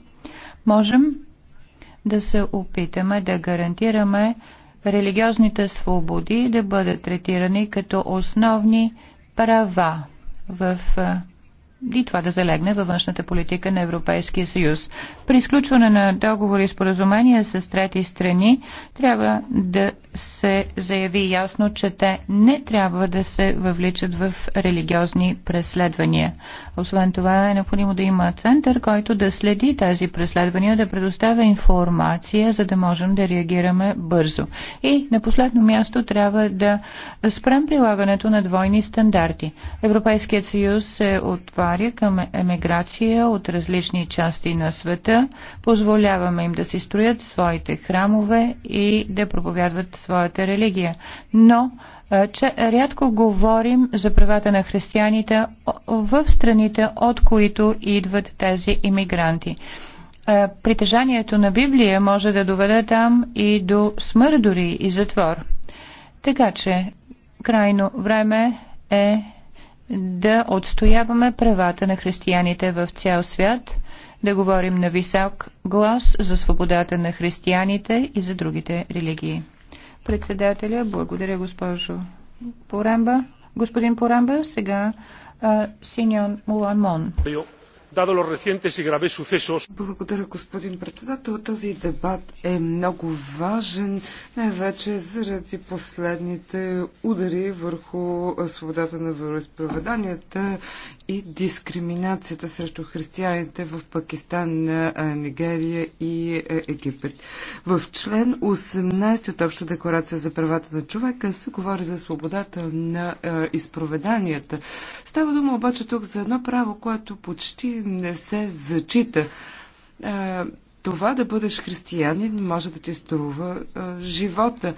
можем да се опитаме да гарантираме религиозните свободи да бъдат третирани като основни права в и това да залегне във външната политика на Европейския съюз. При изключване на договори и споразумения с трети страни трябва да се заяви ясно, че те не трябва да се въвличат в религиозни преследвания. Освен това е необходимо да има център, който да следи тези преследвания, да предоставя информация, за да можем да реагираме бързо. И на последно място трябва да спрем прилагането на двойни стандарти. Европейският съюз е от това отваря към емиграция от различни части на света, позволяваме им да си строят своите храмове и да проповядват своята религия. Но че рядко говорим за правата на християните в страните, от които идват тези иммигранти. Притежанието на Библия може да доведе там и до смърт дори и затвор. Така че крайно време е да отстояваме правата на християните в цял свят, да говорим на висок глас за свободата на християните и за другите религии. Председателя, благодаря госпожо Порамба. Господин Порамба, сега а, Синьон Муламон dados los recientes y graves sucesos. Благодаря, господин председател. Този дебат е много важен, най-вече заради последните удари върху свободата на вероисповеданията и дискриминацията срещу християните в Пакистан, Нигерия и Египет. В член 18 от Обща декларация за правата на човека се говори за свободата на изповеданията. Става дума обаче тук за едно право, което почти не се зачита. Това да бъдеш християнин може да ти струва живота.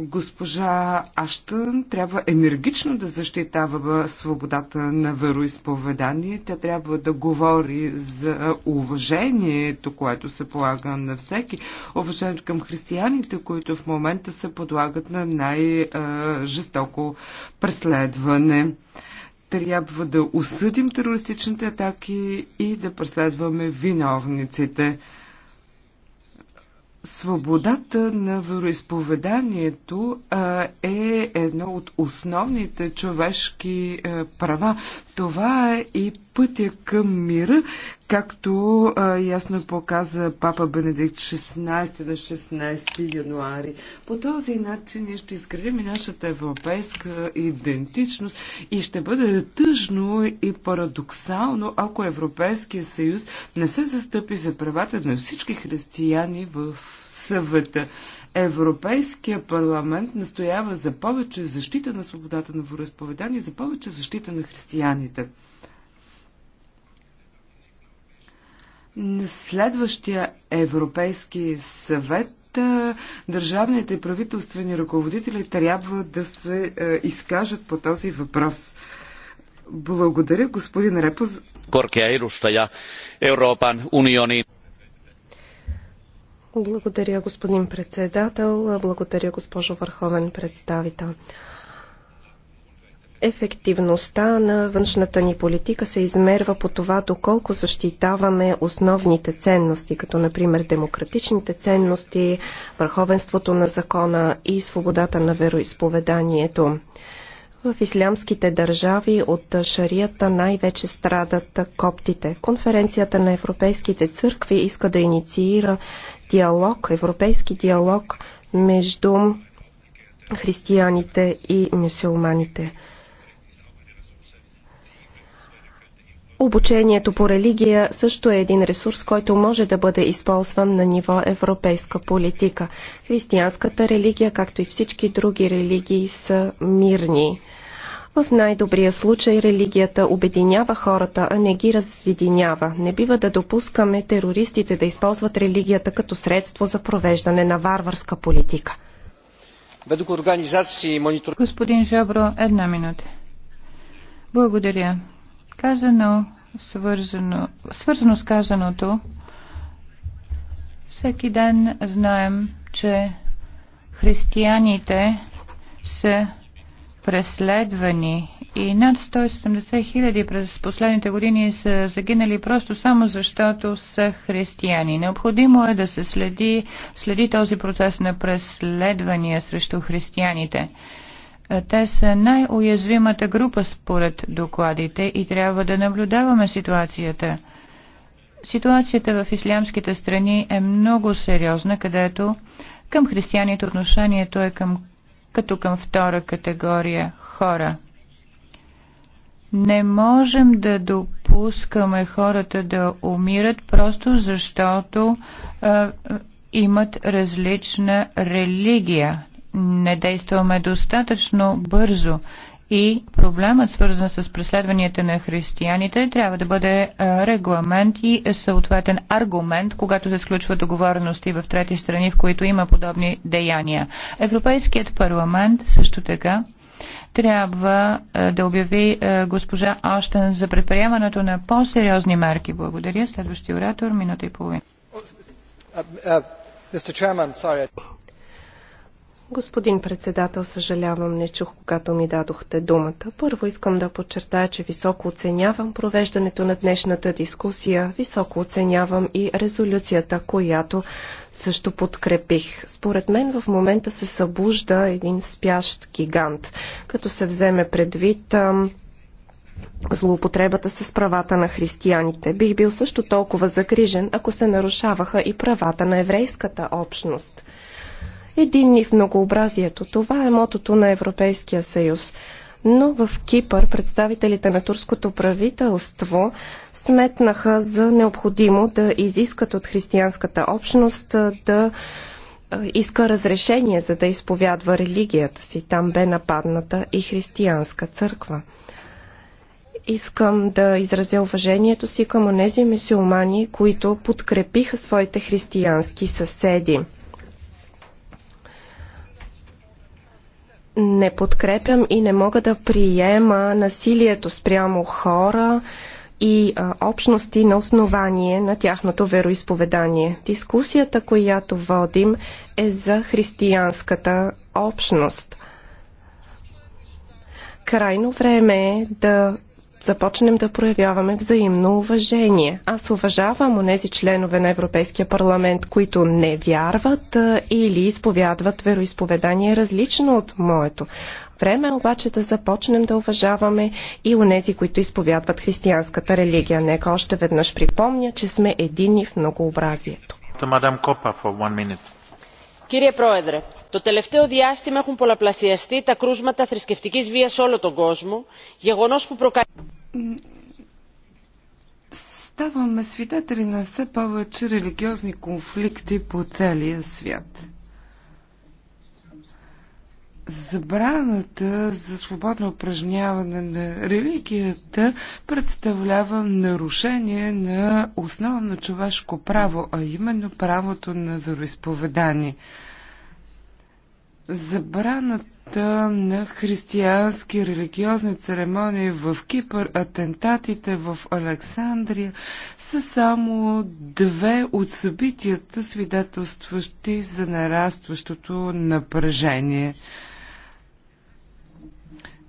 Госпожа Аштън трябва енергично да защитава свободата на вероисповедание. Тя трябва да говори за уважението, което се полага на всеки. Уважението към християните, които в момента се подлагат на най-жестоко преследване трябва да осъдим терористичните атаки и да преследваме виновниците. Свободата на вероисповеданието а, е едно от основните човешки а, е, права. Това е и пътя към мира, както а, ясно показа папа Бенедикт 16 на 16 януари. По този начин ние ще изградим и нашата европейска идентичност и ще бъде тъжно и парадоксално, ако Европейския съюз не се застъпи за правата на всички християни в съвета. Европейския парламент настоява за повече защита на свободата на вороисповедание, за повече защита на християните. Следващия Европейски съвет държавните и правителствени ръководители трябва да се изкажат по този въпрос. Благодаря, господин Репоз. Благодаря, господин председател. Благодаря, госпожо върховен представител. Ефективността на външната ни политика се измерва по това доколко защитаваме основните ценности, като например демократичните ценности, върховенството на закона и свободата на вероисповеданието. В ислямските държави от шарията най-вече страдат коптите. Конференцията на европейските църкви иска да инициира диалог, европейски диалог между християните и мюсюлманите. Обучението по религия също е един ресурс, който може да бъде използван на ниво европейска политика. Християнската религия, както и всички други религии, са мирни. В най-добрия случай религията обединява хората, а не ги разединява. Не бива да допускаме терористите да използват религията като средство за провеждане на варварска политика. Господин Жабро, една минута. Благодаря. Казано, свързано, свързано с казаното, всеки ден знаем, че християните са преследвани и над 170 хиляди през последните години са загинали просто само защото са християни. Необходимо е да се следи, следи този процес на преследвания срещу християните. Те са най-уязвимата група според докладите и трябва да наблюдаваме ситуацията. Ситуацията в ислямските страни е много сериозна, където към християните отношението е към, като към втора категория хора. Не можем да допускаме хората да умират просто защото а, имат различна религия не действаме достатъчно бързо и проблемът, свързан с преследванията на християните, трябва да бъде е, регламент и съответен аргумент, когато се сключват договорености в трети страни, в които има подобни деяния. Европейският парламент също така трябва е, да обяви е, госпожа Аштен за предприемането на по-сериозни мерки. Благодаря. Следващия оратор, минута и половина. Господин председател, съжалявам, не чух, когато ми дадохте думата. Първо искам да подчертая, че високо оценявам провеждането на днешната дискусия. Високо оценявам и резолюцията, която също подкрепих. Според мен в момента се събужда един спящ гигант, като се вземе предвид злоупотребата с правата на християните. Бих бил също толкова загрижен, ако се нарушаваха и правата на еврейската общност – Единни в многообразието. Това е мотото на Европейския съюз. Но в Кипър представителите на турското правителство сметнаха за необходимо да изискат от християнската общност да иска разрешение за да изповядва религията си. Там бе нападната и християнска църква. Искам да изразя уважението си към онези мисюлмани, които подкрепиха своите християнски съседи. Не подкрепям и не мога да приема насилието спрямо хора и а, общности на основание на тяхното вероисповедание. Дискусията, която водим, е за християнската общност. Крайно време е да започнем да проявяваме взаимно уважение. Аз уважавам онези членове на Европейския парламент, които не вярват или изповядват вероисповедание различно от моето. Време е обаче да започнем да уважаваме и онези, които изповядват християнската религия. Нека още веднъж припомня, че сме едини в многообразието. Мадам Копа, for one minute κύριε πρόεδρε το τελευταίο διάστημα έχουν πολλαπλασιαστεί τα κρούσματα θρησκευτικής βίας σε όλο τον κόσμο γεγονός που προκαλεί ставаме свидетели на все повече религиозни конфликти по целия свят. Забраната за свободно упражняване на религията представлява нарушение на основно човешко право, а именно правото на вероисповедание. Забраната на християнски религиозни церемонии в Кипър, атентатите в Александрия са само две от събитията, свидетелстващи за нарастващото напрежение.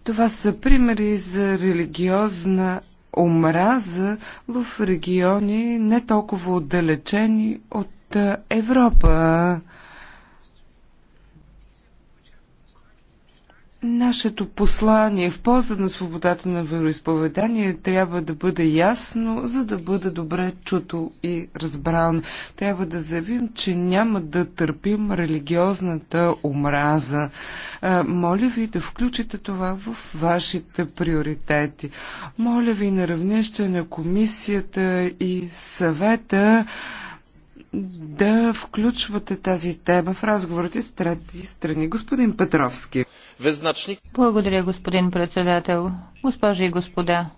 Това са примери за религиозна омраза в региони не толкова отдалечени от Европа. Нашето послание в полза на свободата на вероисповедание трябва да бъде ясно, за да бъде добре чуто и разбрано. Трябва да заявим, че няма да търпим религиозната омраза. моля ви да включите това в вашите приоритети. Моля ви на равнище на комисията и съвета да включвате тази тема в разговорите с трети страни. Господин Петровски. Везначник. Благодаря, господин председател. Госпожи и господа,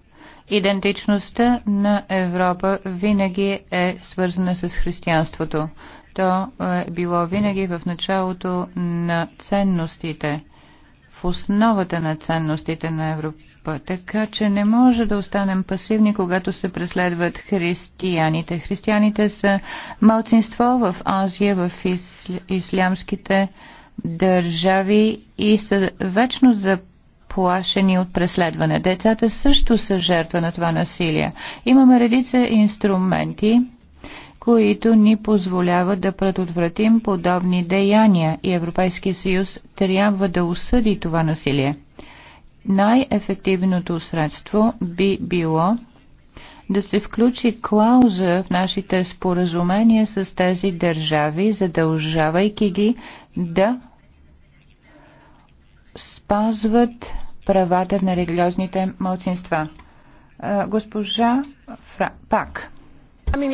идентичността на Европа винаги е свързана с християнството. То е било винаги в началото на ценностите основата на ценностите на Европа, така че не може да останем пасивни, когато се преследват християните. Християните са малцинство в Азия, в ислямските държави и са вечно за плашени от преследване. Децата също са жертва на това насилие. Имаме редица инструменти, които ни позволяват да предотвратим подобни деяния и Европейския съюз трябва да осъди това насилие. Най-ефективното средство би било да се включи клауза в нашите споразумения с тези държави, задължавайки ги да спазват правата на религиозните малцинства. Госпожа Фра... Пак. Ами,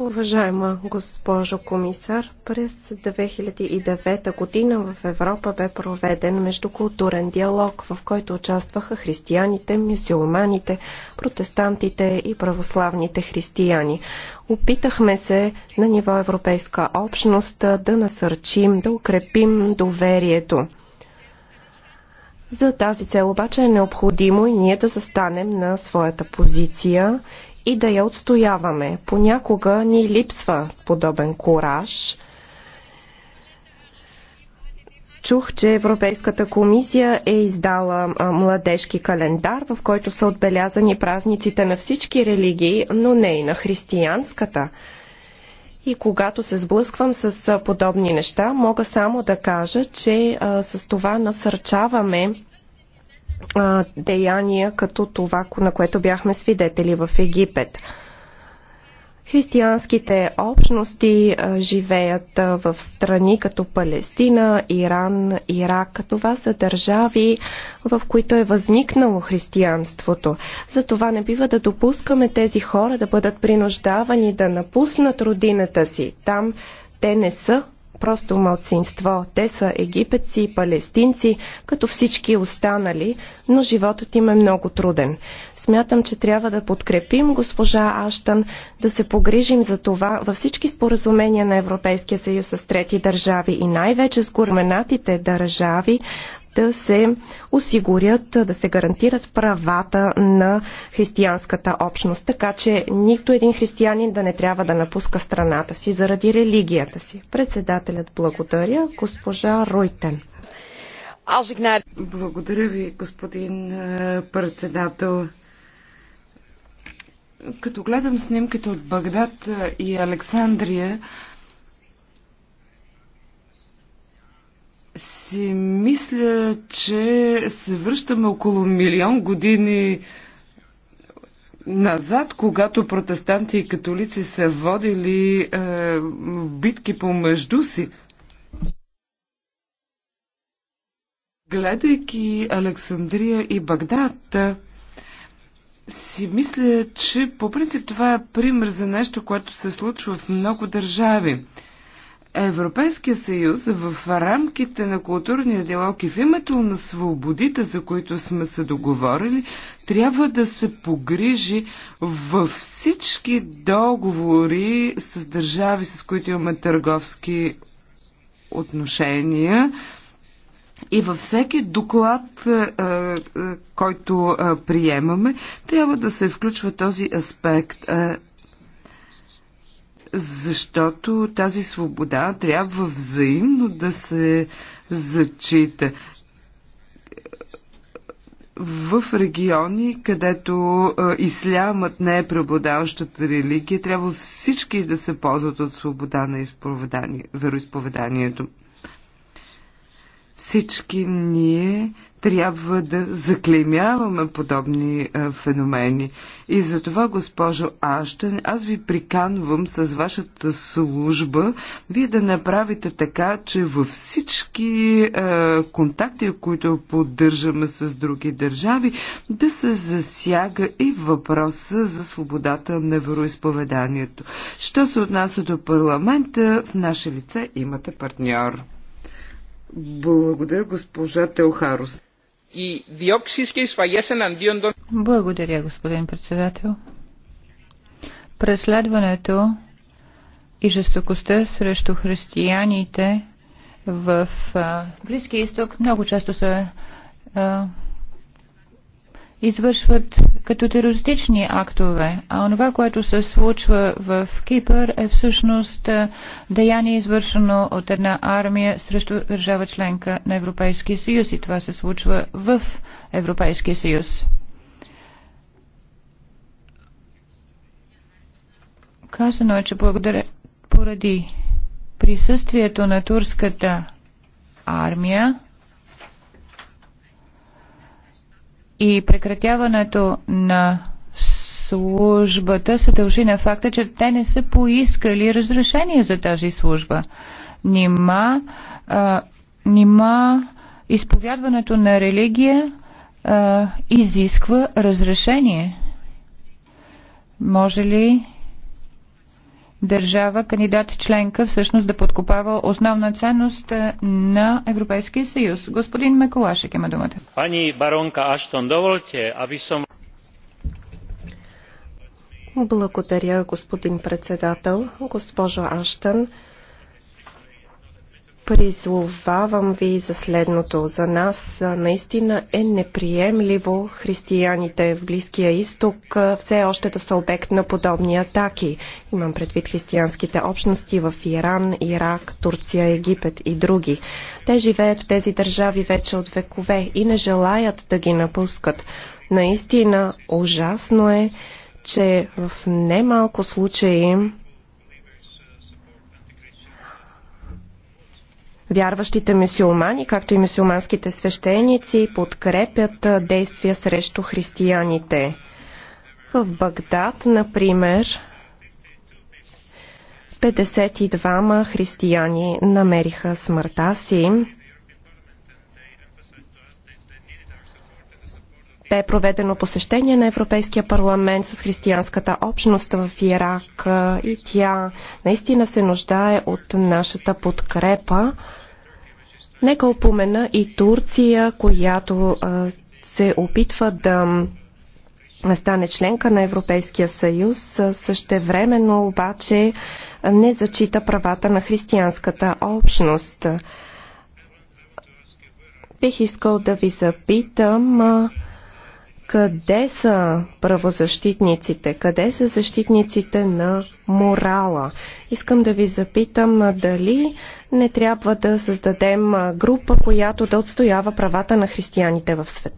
Уважаема госпожо комисар, през 2009 година в Европа бе проведен междукултурен диалог, в който участваха християните, мюсюлманите, протестантите и православните християни. Опитахме се на ниво Европейска общност да насърчим, да укрепим доверието. За тази цел обаче е необходимо и ние да застанем на своята позиция и да я отстояваме. Понякога ни липсва подобен кураж. Чух, че Европейската комисия е издала младежки календар, в който са отбелязани празниците на всички религии, но не и на християнската. И когато се сблъсквам с подобни неща, мога само да кажа, че с това насърчаваме деяния, като това, на което бяхме свидетели в Египет. Християнските общности живеят в страни като Палестина, Иран, Ирак. Това са държави, в които е възникнало християнството. Затова не бива да допускаме тези хора да бъдат принуждавани да напуснат родината си. Там те не са просто малцинство. Те са египетци, палестинци, като всички останали, но животът им е много труден. Смятам, че трябва да подкрепим госпожа Аштан, да се погрижим за това във всички споразумения на Европейския съюз с трети държави и най-вече с горменатите държави да се осигурят, да се гарантират правата на християнската общност, така че нито един християнин да не трябва да напуска страната си заради религията си. Председателят благодаря, госпожа Ройтен. Благодаря ви, господин е, председател. Като гледам снимките от Багдад е, и Александрия, си мисля, че се връщаме около милион години назад, когато протестанти и католици са водили е, битки помежду си. Гледайки Александрия и Багдад, е, си мисля, че по принцип това е пример за нещо, което се случва в много държави. Европейския съюз в рамките на културния диалог и в името на свободите, за които сме се договорили, трябва да се погрижи във всички договори с държави, с които имаме търговски отношения, и във всеки доклад, е, е, който е, приемаме, трябва да се включва този аспект, защото тази свобода трябва взаимно да се зачита в региони, където ислямът не е преобладаващата религия, трябва всички да се ползват от свобода на вероисповеданието. Всички ние трябва да заклемяваме подобни а, е, феномени. И за това, госпожо Аштен, аз ви приканвам с вашата служба вие да направите така, че във всички а, е, контакти, които поддържаме с други държави, да се засяга и въпроса за свободата на вероисповеданието. Що се отнася до парламента, в наше лице имате партньор. Благодаря, госпожа Телхарус. И Благодаря, господин председател. Преследването и жестокостта срещу християните в Близкия изток много често са извършват като терористични актове, а това, което се случва в Кипър е всъщност деяние извършено от една армия срещу държава членка на Европейския съюз и това се случва в Европейския съюз. Казано е, че благодаря, поради присъствието на турската армия и прекратяването на службата се дължи на факта, че те не са поискали разрешение за тази служба. Нима, а, нима изповядването на религия а, изисква разрешение. Може ли държава, кандидат членка, всъщност да подкопава основна ценност е, на Европейския съюз. Господин Меколашек има думата. Пани баронка Аштон, доволте, аби съм... Благодаря, господин председател. Госпожо Аштън, Призовавам ви за следното. За нас наистина е неприемливо християните в Близкия изток все още да са обект на подобни атаки. Имам предвид християнските общности в Иран, Ирак, Турция, Египет и други. Те живеят в тези държави вече от векове и не желаят да ги напускат. Наистина ужасно е, че в немалко случаи Вярващите мисюлмани, както и мисюлманските свещеници, подкрепят действия срещу християните. В Багдад, например, 52 християни намериха смъртта си. бе проведено посещение на Европейския парламент с християнската общност в Ирак и тя наистина се нуждае от нашата подкрепа. Нека упомена и Турция, която се опитва да стане членка на Европейския съюз, същевременно обаче не зачита правата на християнската общност. Бих искал да ви запитам къде са правозащитниците? Къде са защитниците на морала? Искам да ви запитам дали не трябва да създадем група, която да отстоява правата на християните в света.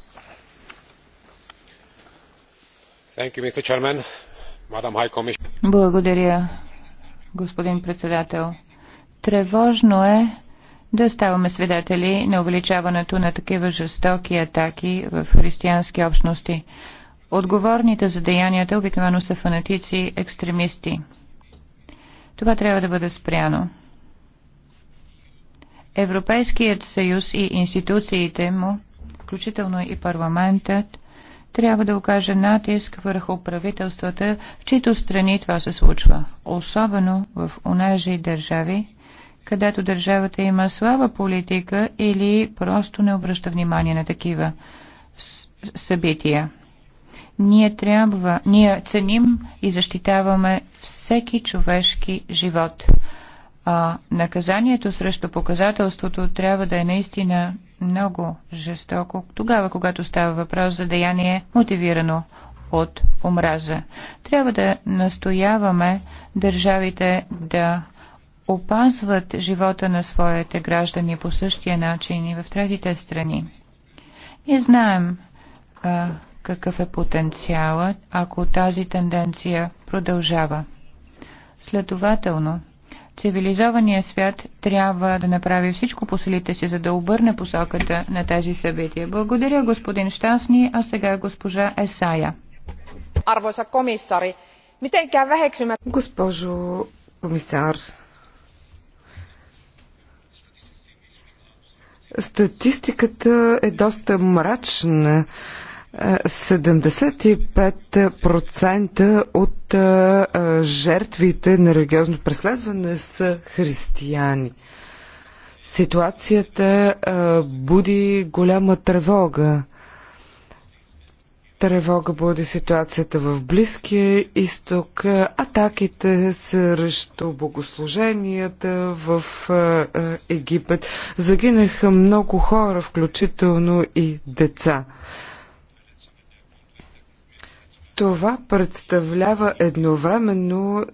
Благодаря, господин председател. Тревожно е, да ставаме свидетели на увеличаването на такива жестоки атаки в християнски общности. Отговорните за деянията обикновено са фанатици, екстремисти. Това трябва да бъде спряно. Европейският съюз и институциите му, включително и парламентът, трябва да окаже натиск върху правителствата, в чието страни това се случва, особено в онежи държави, където държавата има слаба политика или просто не обръща внимание на такива събития. Ние трябва, ние ценим и защитаваме всеки човешки живот. А наказанието срещу показателството трябва да е наистина много жестоко, тогава когато става въпрос за деяние мотивирано от омраза. Трябва да настояваме държавите да опазват живота на своите граждани по същия начин и в третите страни. Ние знаем а, какъв е потенциалът, ако тази тенденция продължава. Следователно, цивилизованият свят трябва да направи всичко по силите си, за да обърне посоката на тези събития. Благодаря, господин Штасни, а сега госпожа Есая. Арвоса комисари, Госпожо комисар, Статистиката е доста мрачна. 75% от жертвите на религиозно преследване са християни. Ситуацията буди голяма тревога. Тревога буди ситуацията в Близкия изток, атаките срещу богослуженията в Египет. Загинаха много хора, включително и деца. Това представлява едновременно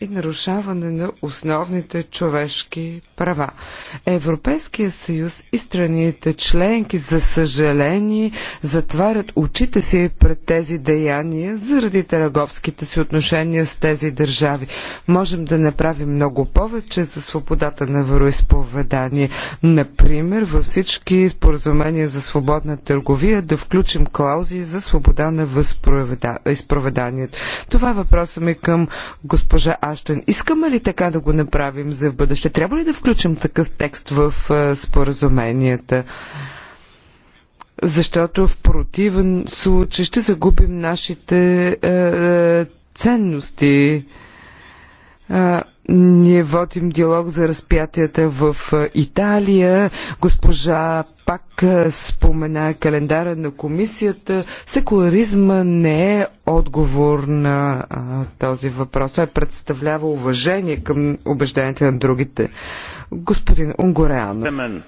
и нарушаване на основните човешки права. Европейския съюз и страните членки, за съжаление, затварят очите си пред тези деяния заради търговските си отношения с тези държави. Можем да направим много повече за свободата на вероисповедание. Например, във всички споразумения за свободна търговия да включим клаузи за свобода на възпроизведанието. Това е въпросът ми към госпожа Аштен. Искаме ли така да го направим за в бъдеще? Трябва ли да включим такъв текст в споразуменията? Защото в противен случай ще загубим нашите е, ценности ние водим диалог за разпятията в Италия. Госпожа пак спомена календара на комисията. Секуларизма не е отговор на а, този въпрос. Той представлява уважение към убежденията на другите. Господин Унгореано.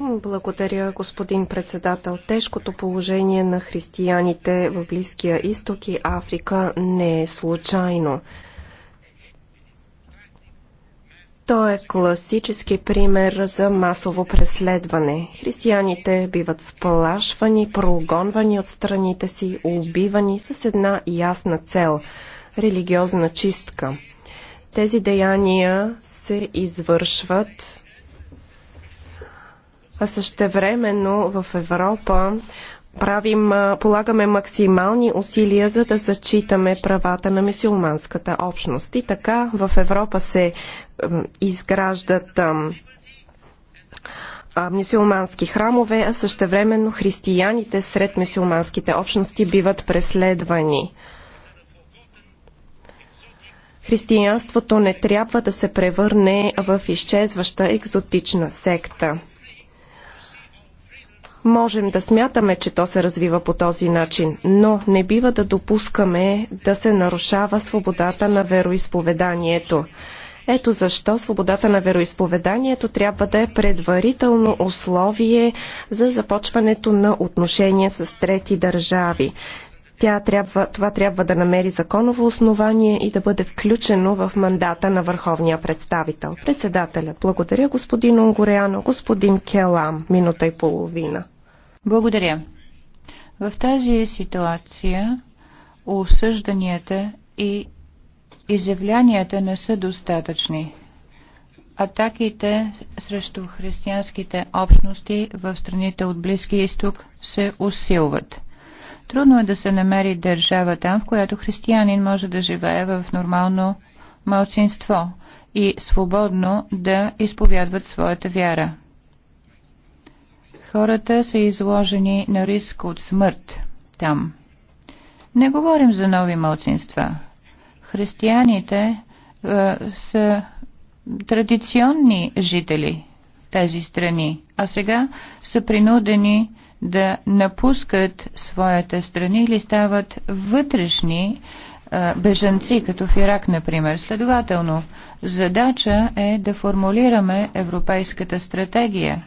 Благодаря, господин председател. Тежкото положение на християните в Близкия изток и Африка не е случайно. То е класически пример за масово преследване. Християните биват сплашвани, прогонвани от страните си, убивани с една ясна цел – религиозна чистка. Тези деяния се извършват а същевременно в Европа правим, полагаме максимални усилия, за да зачитаме правата на мисюлманската общност. И така в Европа се изграждат мюсюлмански храмове, а същевременно християните сред мюсюлманските общности биват преследвани. Християнството не трябва да се превърне в изчезваща екзотична секта. Можем да смятаме, че то се развива по този начин, но не бива да допускаме да се нарушава свободата на вероисповеданието. Ето защо свободата на вероисповеданието трябва да е предварително условие за започването на отношения с трети държави. Тя трябва, това трябва да намери законово основание и да бъде включено в мандата на върховния представител. Председателят, благодаря господин Онгоряно, господин Келам, минута и половина. Благодаря. В тази ситуация осъжданията и изявленията не са достатъчни. Атаките срещу християнските общности в страните от Близкия изток се усилват. Трудно е да се намери държава там, в която християнин може да живее в нормално малцинство и свободно да изповядват своята вяра. Хората са изложени на риск от смърт там. Не говорим за нови малцинства. Християните е, са традиционни жители тези страни, а сега са принудени да напускат своята страни или стават вътрешни бежанци, като в Ирак, например. Следователно, задача е да формулираме европейската стратегия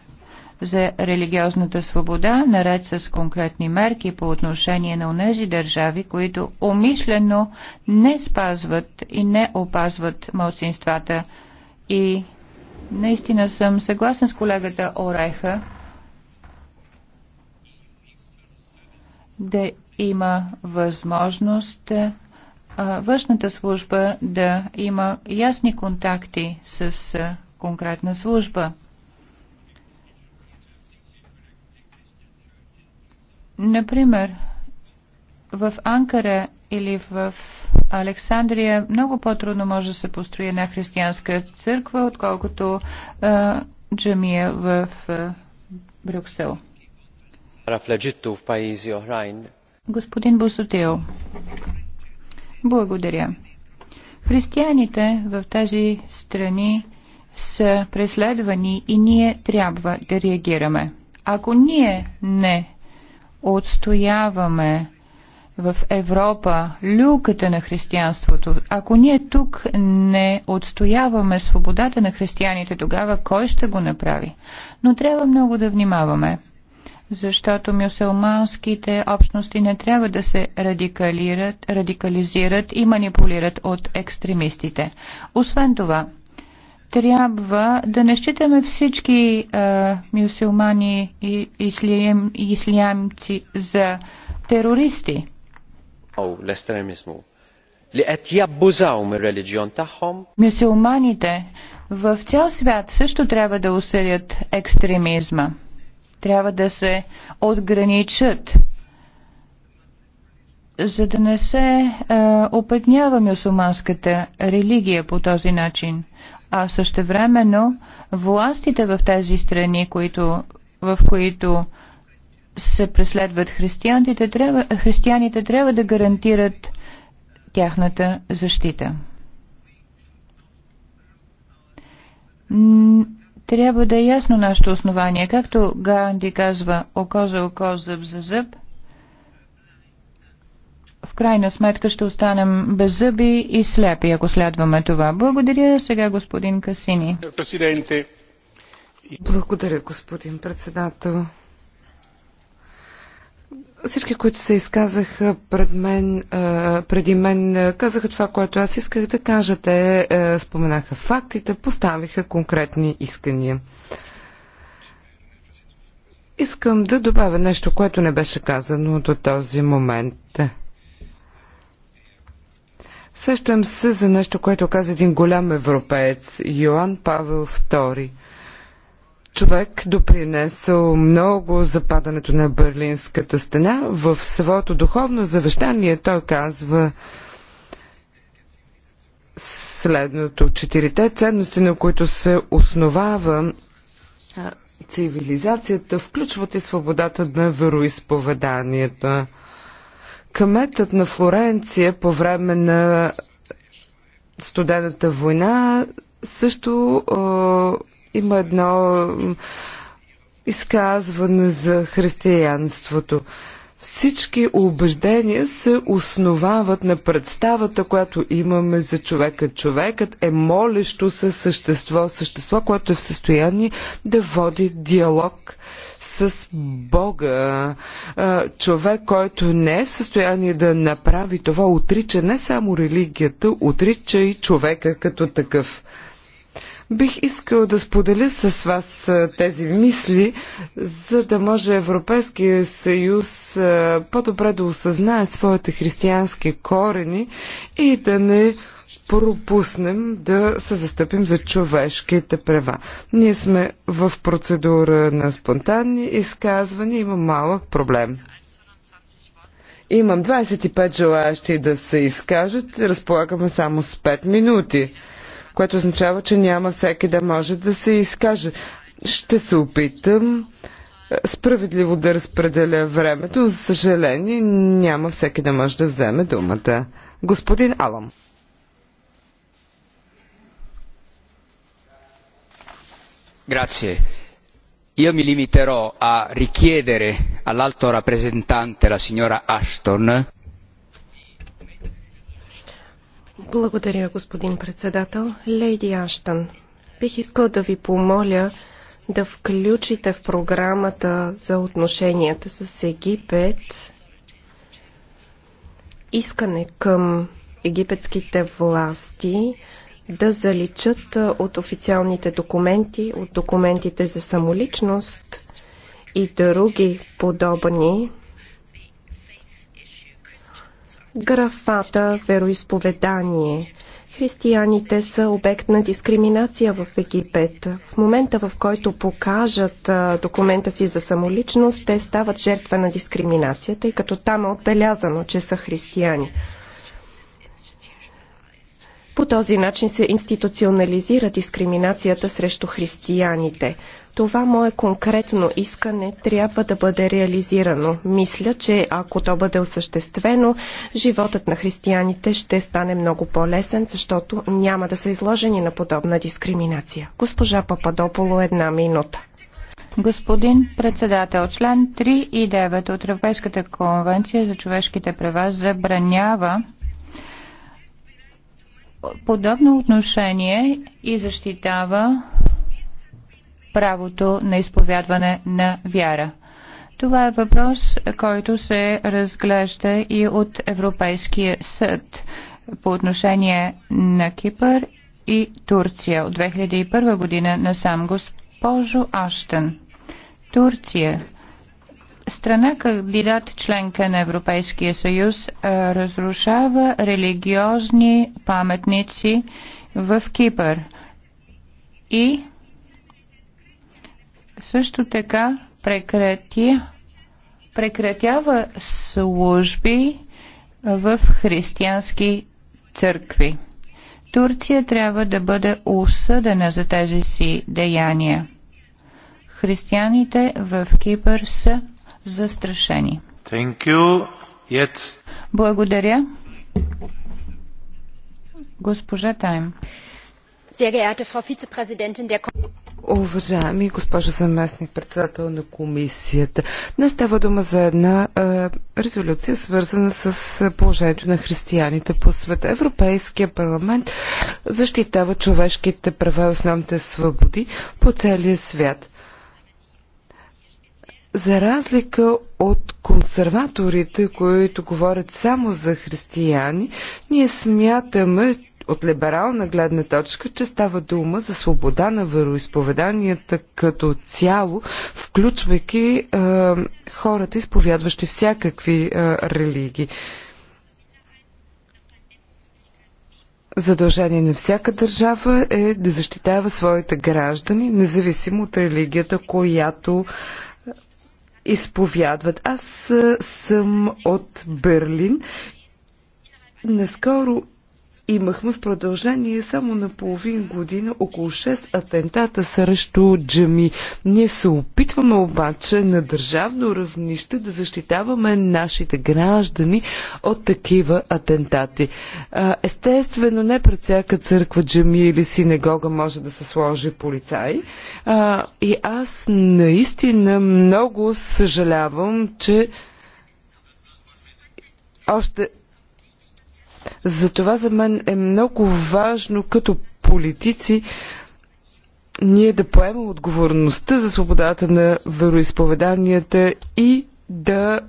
за религиозната свобода, наред с конкретни мерки по отношение на онези държави, които умишлено не спазват и не опазват малцинствата. И наистина съм съгласен с колегата Ореха, да има възможност външната служба да има ясни контакти с конкретна служба. Например, в Анкара или в Александрия много по-трудно може да се построи една християнска църква, отколкото а, джамия в а, Брюксел. Господин Босотил, благодаря. Християните в тези страни са преследвани и ние трябва да реагираме. Ако ние не отстояваме в Европа люката на християнството, ако ние тук не отстояваме свободата на християните, тогава кой ще го направи? Но трябва много да внимаваме защото мюсулманските общности не трябва да се радикалират, радикализират и манипулират от екстремистите. Освен това, трябва да не считаме всички а, мюсулмани и ислием, ислиямци за терористи. Мюсулманите в цял свят също трябва да усъдят екстремизма трябва да се отграничат, за да не се е, опетнява мюсулманската религия по този начин. А същевременно властите в тези страни, които, в които се преследват християните, трябва, християните трябва да гарантират тяхната защита трябва да е ясно нашето основание. Както Ганди казва, око за око, зъб за зъб, в крайна сметка ще останем без зъби и слепи, ако следваме това. Благодаря сега господин Касини. Благодаря, господин председател. Всички, които се изказаха пред мен, преди мен, казаха това, което аз исках да кажа. Те споменаха фактите, поставиха конкретни искания. Искам да добавя нещо, което не беше казано до този момент. Сещам се за нещо, което каза един голям европеец, Йоан Павел II човек допринесъл много за падането на Берлинската стена. В своето духовно завещание той казва следното. Четирите ценности, на които се основава цивилизацията, включват и свободата на вероисповеданието. Каметът на Флоренция по време на студената война също има едно изказване за християнството. Всички убеждения се основават на представата, която имаме за човека. Човекът е молещо се същество, същество, което е в състояние да води диалог с Бога. Човек, който не е в състояние да направи това, отрича не само религията, отрича и човека като такъв. Бих искал да споделя с вас тези мисли, за да може Европейския съюз по-добре да осъзнае своите християнски корени и да не пропуснем да се застъпим за човешките права. Ние сме в процедура на спонтанни изказвания, има малък проблем. Имам 25 желаящи да се изкажат, разполагаме само с 5 минути което означава, че няма всеки да може да се изкаже. Ще се опитам е, справедливо да разпределя времето. За съжаление, няма всеки да може да вземе думата. Господин Алам. Grazie. Io mi limiterò a richiedere all'alto rappresentante, la signora Ashton, благодаря, господин председател. Лейди Аштън, бих искал да ви помоля да включите в програмата за отношенията с Египет искане към египетските власти да заличат от официалните документи, от документите за самоличност и други подобни графата вероисповедание. Християните са обект на дискриминация в Египет. В момента, в който покажат документа си за самоличност, те стават жертва на дискриминацията, тъй като там е отбелязано, че са християни. По този начин се институционализира дискриминацията срещу християните. Това мое конкретно искане трябва да бъде реализирано. Мисля, че ако то бъде осъществено, животът на християните ще стане много по-лесен, защото няма да са изложени на подобна дискриминация. Госпожа Пападополо, една минута. Господин председател, член 3 и 9 от Европейската конвенция за човешките права забранява подобно отношение и защитава правото на изповядване на вяра. Това е въпрос, който се разглежда и от Европейския съд по отношение на Кипър и Турция от 2001 година насам. Госпожо Аштен. Турция страна кандидат членка на Европейския съюз е, разрушава религиозни паметници в Кипър и също така прекрати, прекратява служби в християнски църкви. Турция трябва да бъде осъдена за тези си деяния. Християните в Кипър са застрашени. Yet... Благодаря. Госпожа Тайм. Уважаеми госпожо заместник председател на комисията, днес става дума за една е, резолюция, свързана с положението на християните по света. Европейския парламент защитава човешките права и основните свободи по целия свят. За разлика от консерваторите, които говорят само за християни, ние смятаме от либерална гледна точка, че става дума за свобода на вероисповеданията като цяло, включвайки е, хората, изповядващи всякакви е, религии. Задължение на всяка държава е да защитава своите граждани, независимо от религията, която е, изповядват. Аз съм от Берлин. Наскоро имахме в продължение само на половин година около 6 атентата срещу джами. Ние се опитваме обаче на държавно равнище да защитаваме нашите граждани от такива атентати. Естествено, не пред всяка църква, джами или синагога може да се сложи полицай. И аз наистина много съжалявам, че още затова за мен е много важно като политици ние да поемем отговорността за свободата на вероисповеданията и да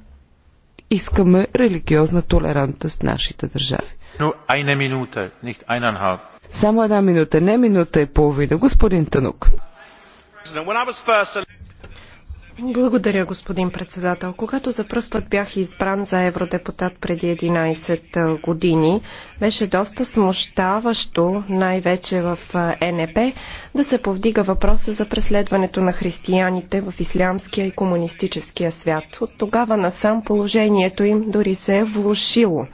искаме религиозна толерантност в нашите държави. Но една минута, nicht Само една минута, не минута и половина. Господин Танук. Благодаря, господин председател. Когато за пръв път бях избран за евродепутат преди 11 години, беше доста смущаващо, най-вече в НП, да се повдига въпроса за преследването на християните в ислямския и комунистическия свят. От тогава насам положението им дори се е влушило.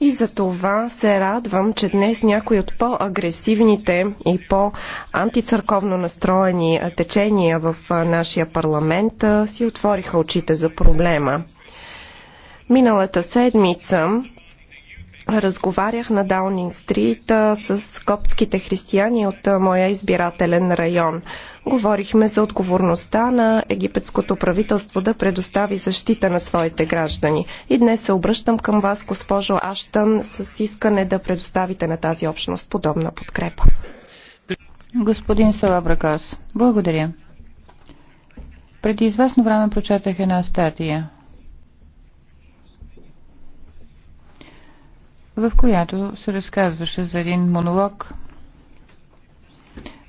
И за това се радвам, че днес някои от по-агресивните и по-антицърковно настроени течения в нашия парламент си отвориха очите за проблема. Миналата седмица разговарях на Даунинг Стрит с коптските християни от моя избирателен район. Говорихме за отговорността на египетското правителство да предостави защита на своите граждани. И днес се обръщам към вас, госпожо Аштън, с искане да предоставите на тази общност подобна подкрепа. Господин Салабракас, благодаря. Преди известно време прочетах една статия, в която се разказваше за един монолог,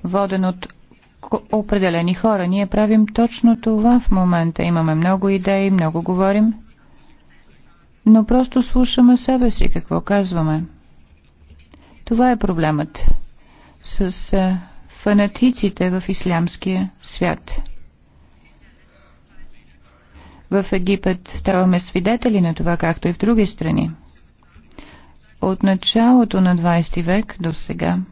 воден от определени хора. Ние правим точно това в момента. Имаме много идеи, много говорим, но просто слушаме себе си какво казваме. Това е проблемът с е, фанатиците в ислямския свят. В Египет ставаме свидетели на това, както и в други страни. От началото на 20 век до сега –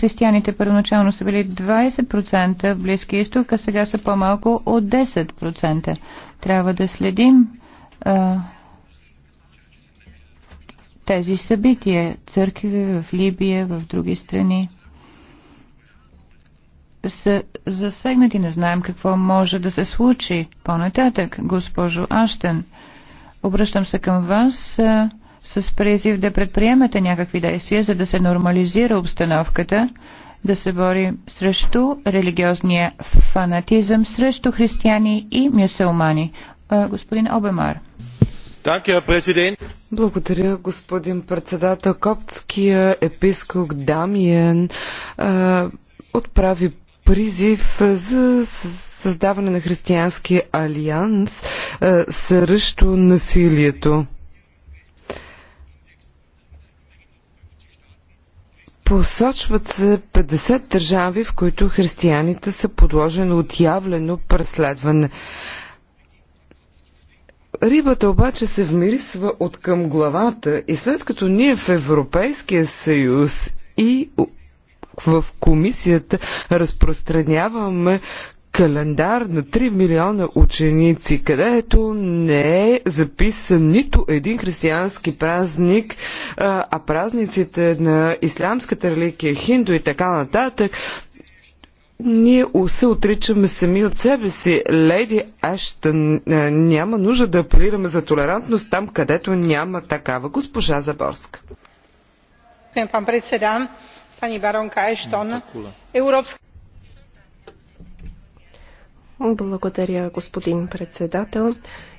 християните първоначално са били 20% в близки изток, а сега са по-малко от 10%. Трябва да следим а, тези събития. Църкви в Либия, в други страни са засегнати. Не знаем какво може да се случи по-нататък, госпожо Аштен. Обръщам се към вас. А, с призив да предприемете някакви действия, за да се нормализира обстановката, да се бори срещу религиозния фанатизъм, срещу християни и мюсулмани. Господин Обемар. Благодаря, господин председател. Коптския епископ Дамиен а, отправи призив за създаване на християнски алианс а, срещу насилието. Посочват се 50 държави, в които християните са подложени от явлено преследване. Рибата обаче се вмирисва от към главата и след като ние в Европейския съюз и в комисията разпространяваме календар на 3 милиона ученици, където не е записан нито един християнски празник, а празниците на ислямската религия, хинду и така нататък, ние се отричаме сами от себе си. Леди Аштън няма нужда да апелираме за толерантност там, където няма такава. Госпожа Заборска. Пан председам, пани баронка Ештон, Европска благодаря, господин председател.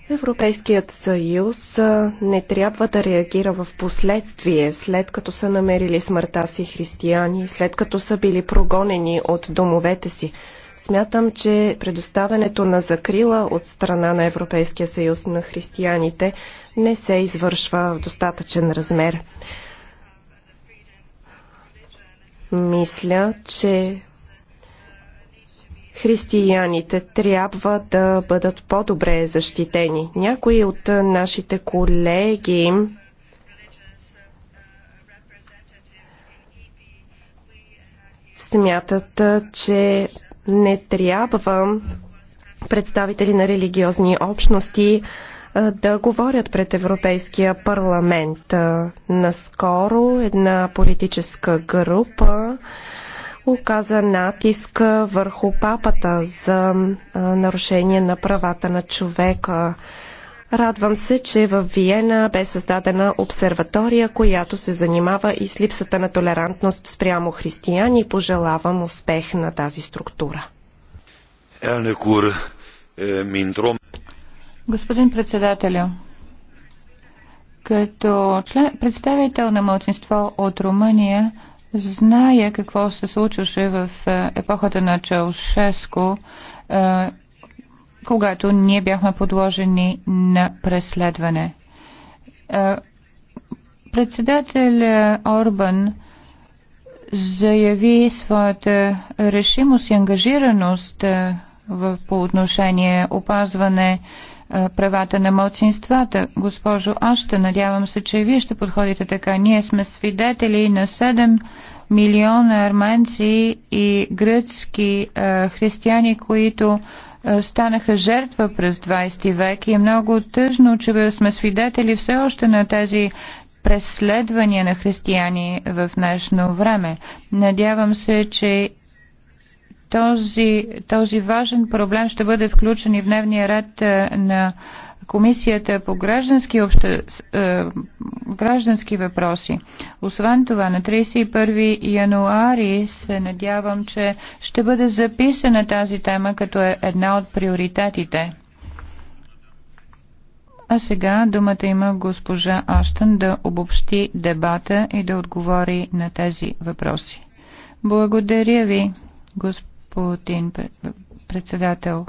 Европейският съюз не трябва да реагира в последствие, след като са намерили смъртта си християни, след като са били прогонени от домовете си. Смятам, че предоставянето на закрила от страна на Европейския съюз на християните не се извършва в достатъчен размер. Мисля, че християните трябва да бъдат по-добре защитени. Някои от нашите колеги смятат, че не трябва представители на религиозни общности да говорят пред Европейския парламент. Наскоро една политическа група оказа натиск върху папата за нарушение на правата на човека. Радвам се, че в Виена бе създадена обсерватория, която се занимава и с липсата на толерантност спрямо християни. Пожелавам успех на тази структура. Е, Господин председателю, като член, представител на мълчинство от Румъния, Зная какво се случваше в е, епохата на Чаушеско, е, когато ние бяхме подложени на преследване. Е, Председател Орбан заяви своята решимост и ангажираност в, по отношение опазване е, правата на младсинствата. Госпожо Ашта, надявам се, че и вие ще подходите така. Ние сме свидетели на 7 милиона арменци и гръцки е, християни, които е, станаха жертва през 20 век и е много тъжно, че сме свидетели все още на тези преследвания на християни в днешно време. Надявам се, че този, този важен проблем ще бъде включен и в дневния ред е, на Комисията по граждански, обще, е, граждански въпроси. Освен това, на 31 януари се надявам, че ще бъде записана тази тема като е една от приоритетите. А сега думата има госпожа Аштън да обобщи дебата и да отговори на тези въпроси. Благодаря ви, господин господин председател.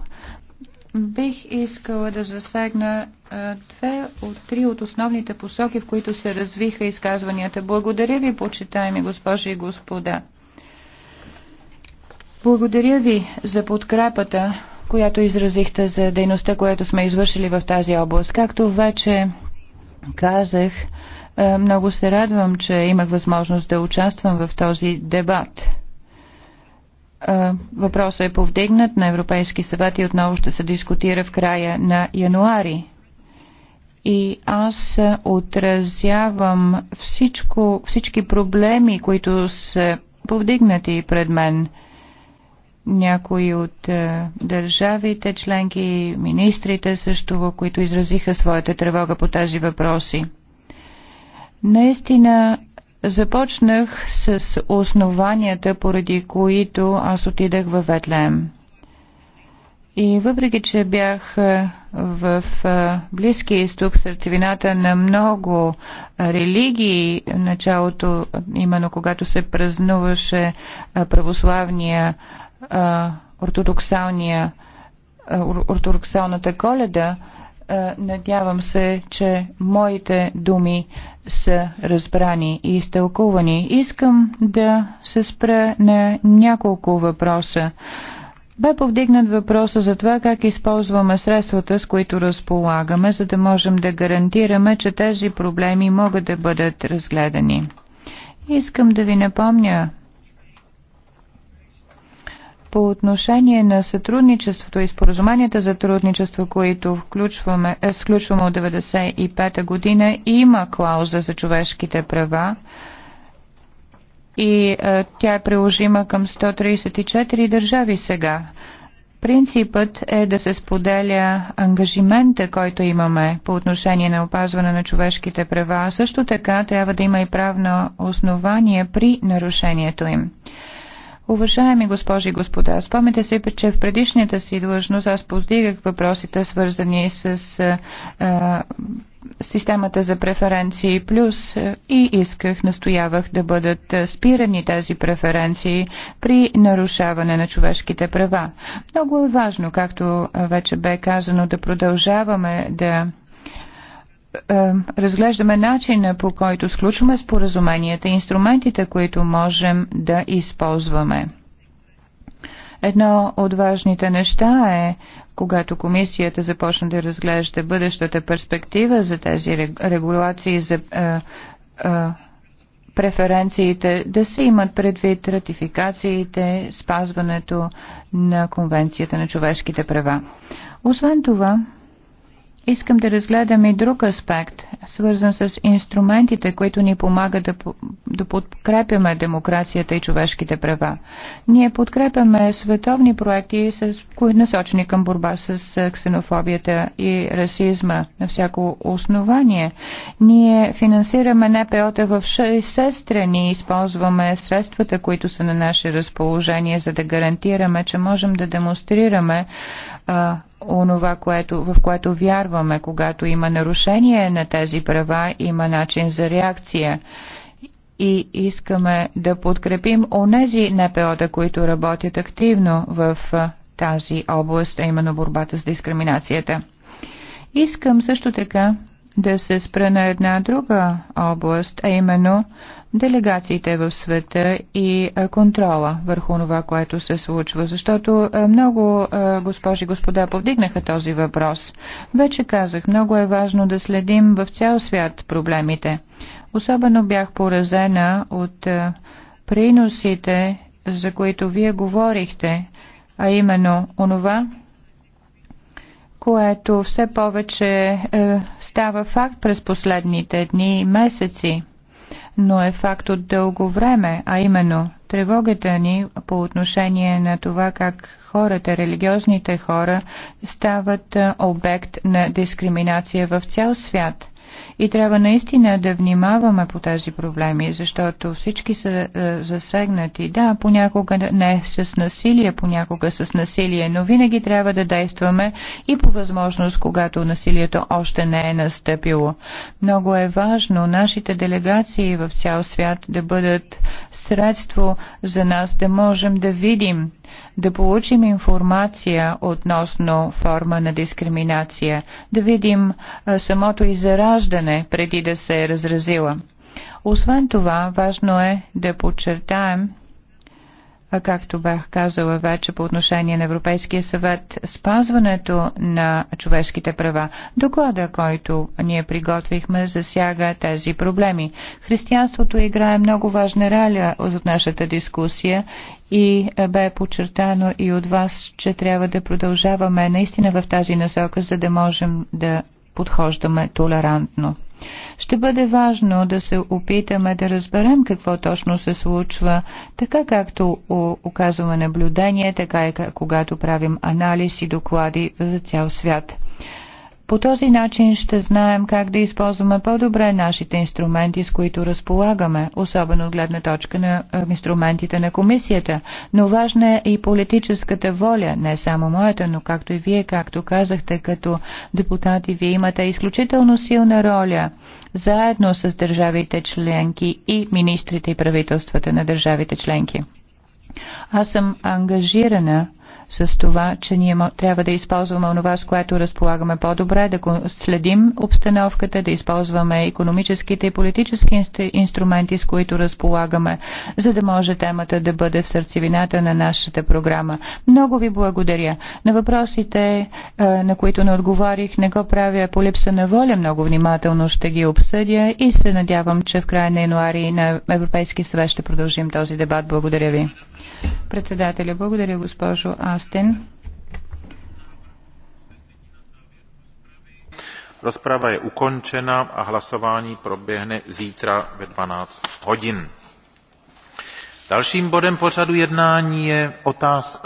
Бих искала да засегна две от три от основните посоки, в които се развиха изказванията. Благодаря ви, почитаеми госпожи и господа. Благодаря ви за подкрепата, която изразихте за дейността, която сме извършили в тази област. Както вече казах, много се радвам, че имах възможност да участвам в този дебат. Въпросът е повдигнат на Европейски съвет и отново ще се дискутира в края на януари. И аз отразявам всичко, всички проблеми, които са повдигнати пред мен. Някои от държавите, членки, министрите също, които изразиха своята тревога по тези въпроси. Наистина Започнах с основанията, поради които аз отидах във Ветлеем. И въпреки, че бях в Близки изток, сърцевината на много религии, началото, именно когато се празнуваше православния, ортодоксалния, ортодоксалната коледа, е, надявам се, че моите думи са разбрани и изтълкувани. Искам да се спра на няколко въпроса. Бе повдигнат въпроса за това как използваме средствата, с които разполагаме, за да можем да гарантираме, че тези проблеми могат да бъдат разгледани. Искам да ви напомня по отношение на сътрудничеството и споразуменията за трудничество, които включваме, е, от 1995 година, има клауза за човешките права и е, тя е приложима към 134 държави сега. Принципът е да се споделя ангажимента, който имаме по отношение на опазване на човешките права. Също така трябва да има и правно основание при нарушението им. Уважаеми госпожи и господа, спомните се, че в предишната си длъжност аз повдигах въпросите, свързани с а, системата за преференции плюс и исках, настоявах да бъдат спирани тези преференции при нарушаване на човешките права. Много е важно, както вече бе казано, да продължаваме да е, разглеждаме начина по който сключваме споразуменията и инструментите, които можем да използваме. Едно от важните неща е, когато комисията започне да разглежда бъдещата перспектива за тези регулации за е, е, преференциите, да се имат предвид ратификациите, спазването на Конвенцията на човешките права. Освен това, Искам да разгледам и друг аспект, свързан с инструментите, които ни помагат да, да подкрепяме демокрацията и човешките права. Ние подкрепяме световни проекти, с, кои насочени към борба с ксенофобията и расизма на всяко основание. Ние финансираме НПО-та в 60 страни и използваме средствата, които са на наше разположение, за да гарантираме, че можем да демонстрираме онова, което, в което вярваме. Когато има нарушение на тези права, има начин за реакция. И искаме да подкрепим онези НПО-та, които работят активно в тази област, а именно борбата с дискриминацията. Искам също така да се спра на една друга област, а именно делегациите в света и контрола върху това, което се случва. Защото много госпожи и господа повдигнаха този въпрос. Вече казах, много е важно да следим в цял свят проблемите. Особено бях поразена от приносите, за които вие говорихте, а именно онова, което все повече е, става факт през последните дни и месеци но е факт от дълго време, а именно тревогата ни по отношение на това как хората, религиозните хора, стават обект на дискриминация в цял свят. И трябва наистина да внимаваме по тези проблеми, защото всички са е, засегнати. Да, понякога не с насилие, понякога с насилие, но винаги трябва да действаме и по възможност, когато насилието още не е настъпило. Много е важно нашите делегации в цял свят да бъдат средство за нас, да можем да видим да получим информация относно форма на дискриминация, да видим самото израждане преди да се е разразила. Освен това, важно е да подчертаем, както бях казала вече по отношение на Европейския съвет, спазването на човешките права. Доклада, който ние приготвихме, засяга тези проблеми. Християнството играе много важна роля от нашата дискусия и е, бе подчертано и от вас, че трябва да продължаваме наистина в тази насока, за да можем да подхождаме толерантно. Ще бъде важно да се опитаме да разберем какво точно се случва, така както оказваме наблюдение, така и когато правим анализ и доклади за цял свят. По този начин ще знаем как да използваме по-добре нашите инструменти, с които разполагаме, особено от гледна точка на е, инструментите на комисията. Но важна е и политическата воля, не само моята, но както и вие, както казахте, като депутати, вие имате изключително силна роля заедно с държавите членки и министрите и правителствата на държавите членки. Аз съм ангажирана с това, че ние трябва да използваме онова, с което разполагаме по-добре, да следим обстановката, да използваме економическите и политически инструменти, с които разполагаме, за да може темата да бъде в сърцевината на нашата програма. Много ви благодаря. На въпросите, на които не отговорих, не го правя по липса на воля. Много внимателно ще ги обсъдя и се надявам, че в края на януари на Европейски съвет ще продължим този дебат. Благодаря ви. Председателя, благодаря госпожо Астен. Rozprava je ukončena a hlasování proběhne zítra ve 12 hodin. Dalším bodem pořadu jednání je otázka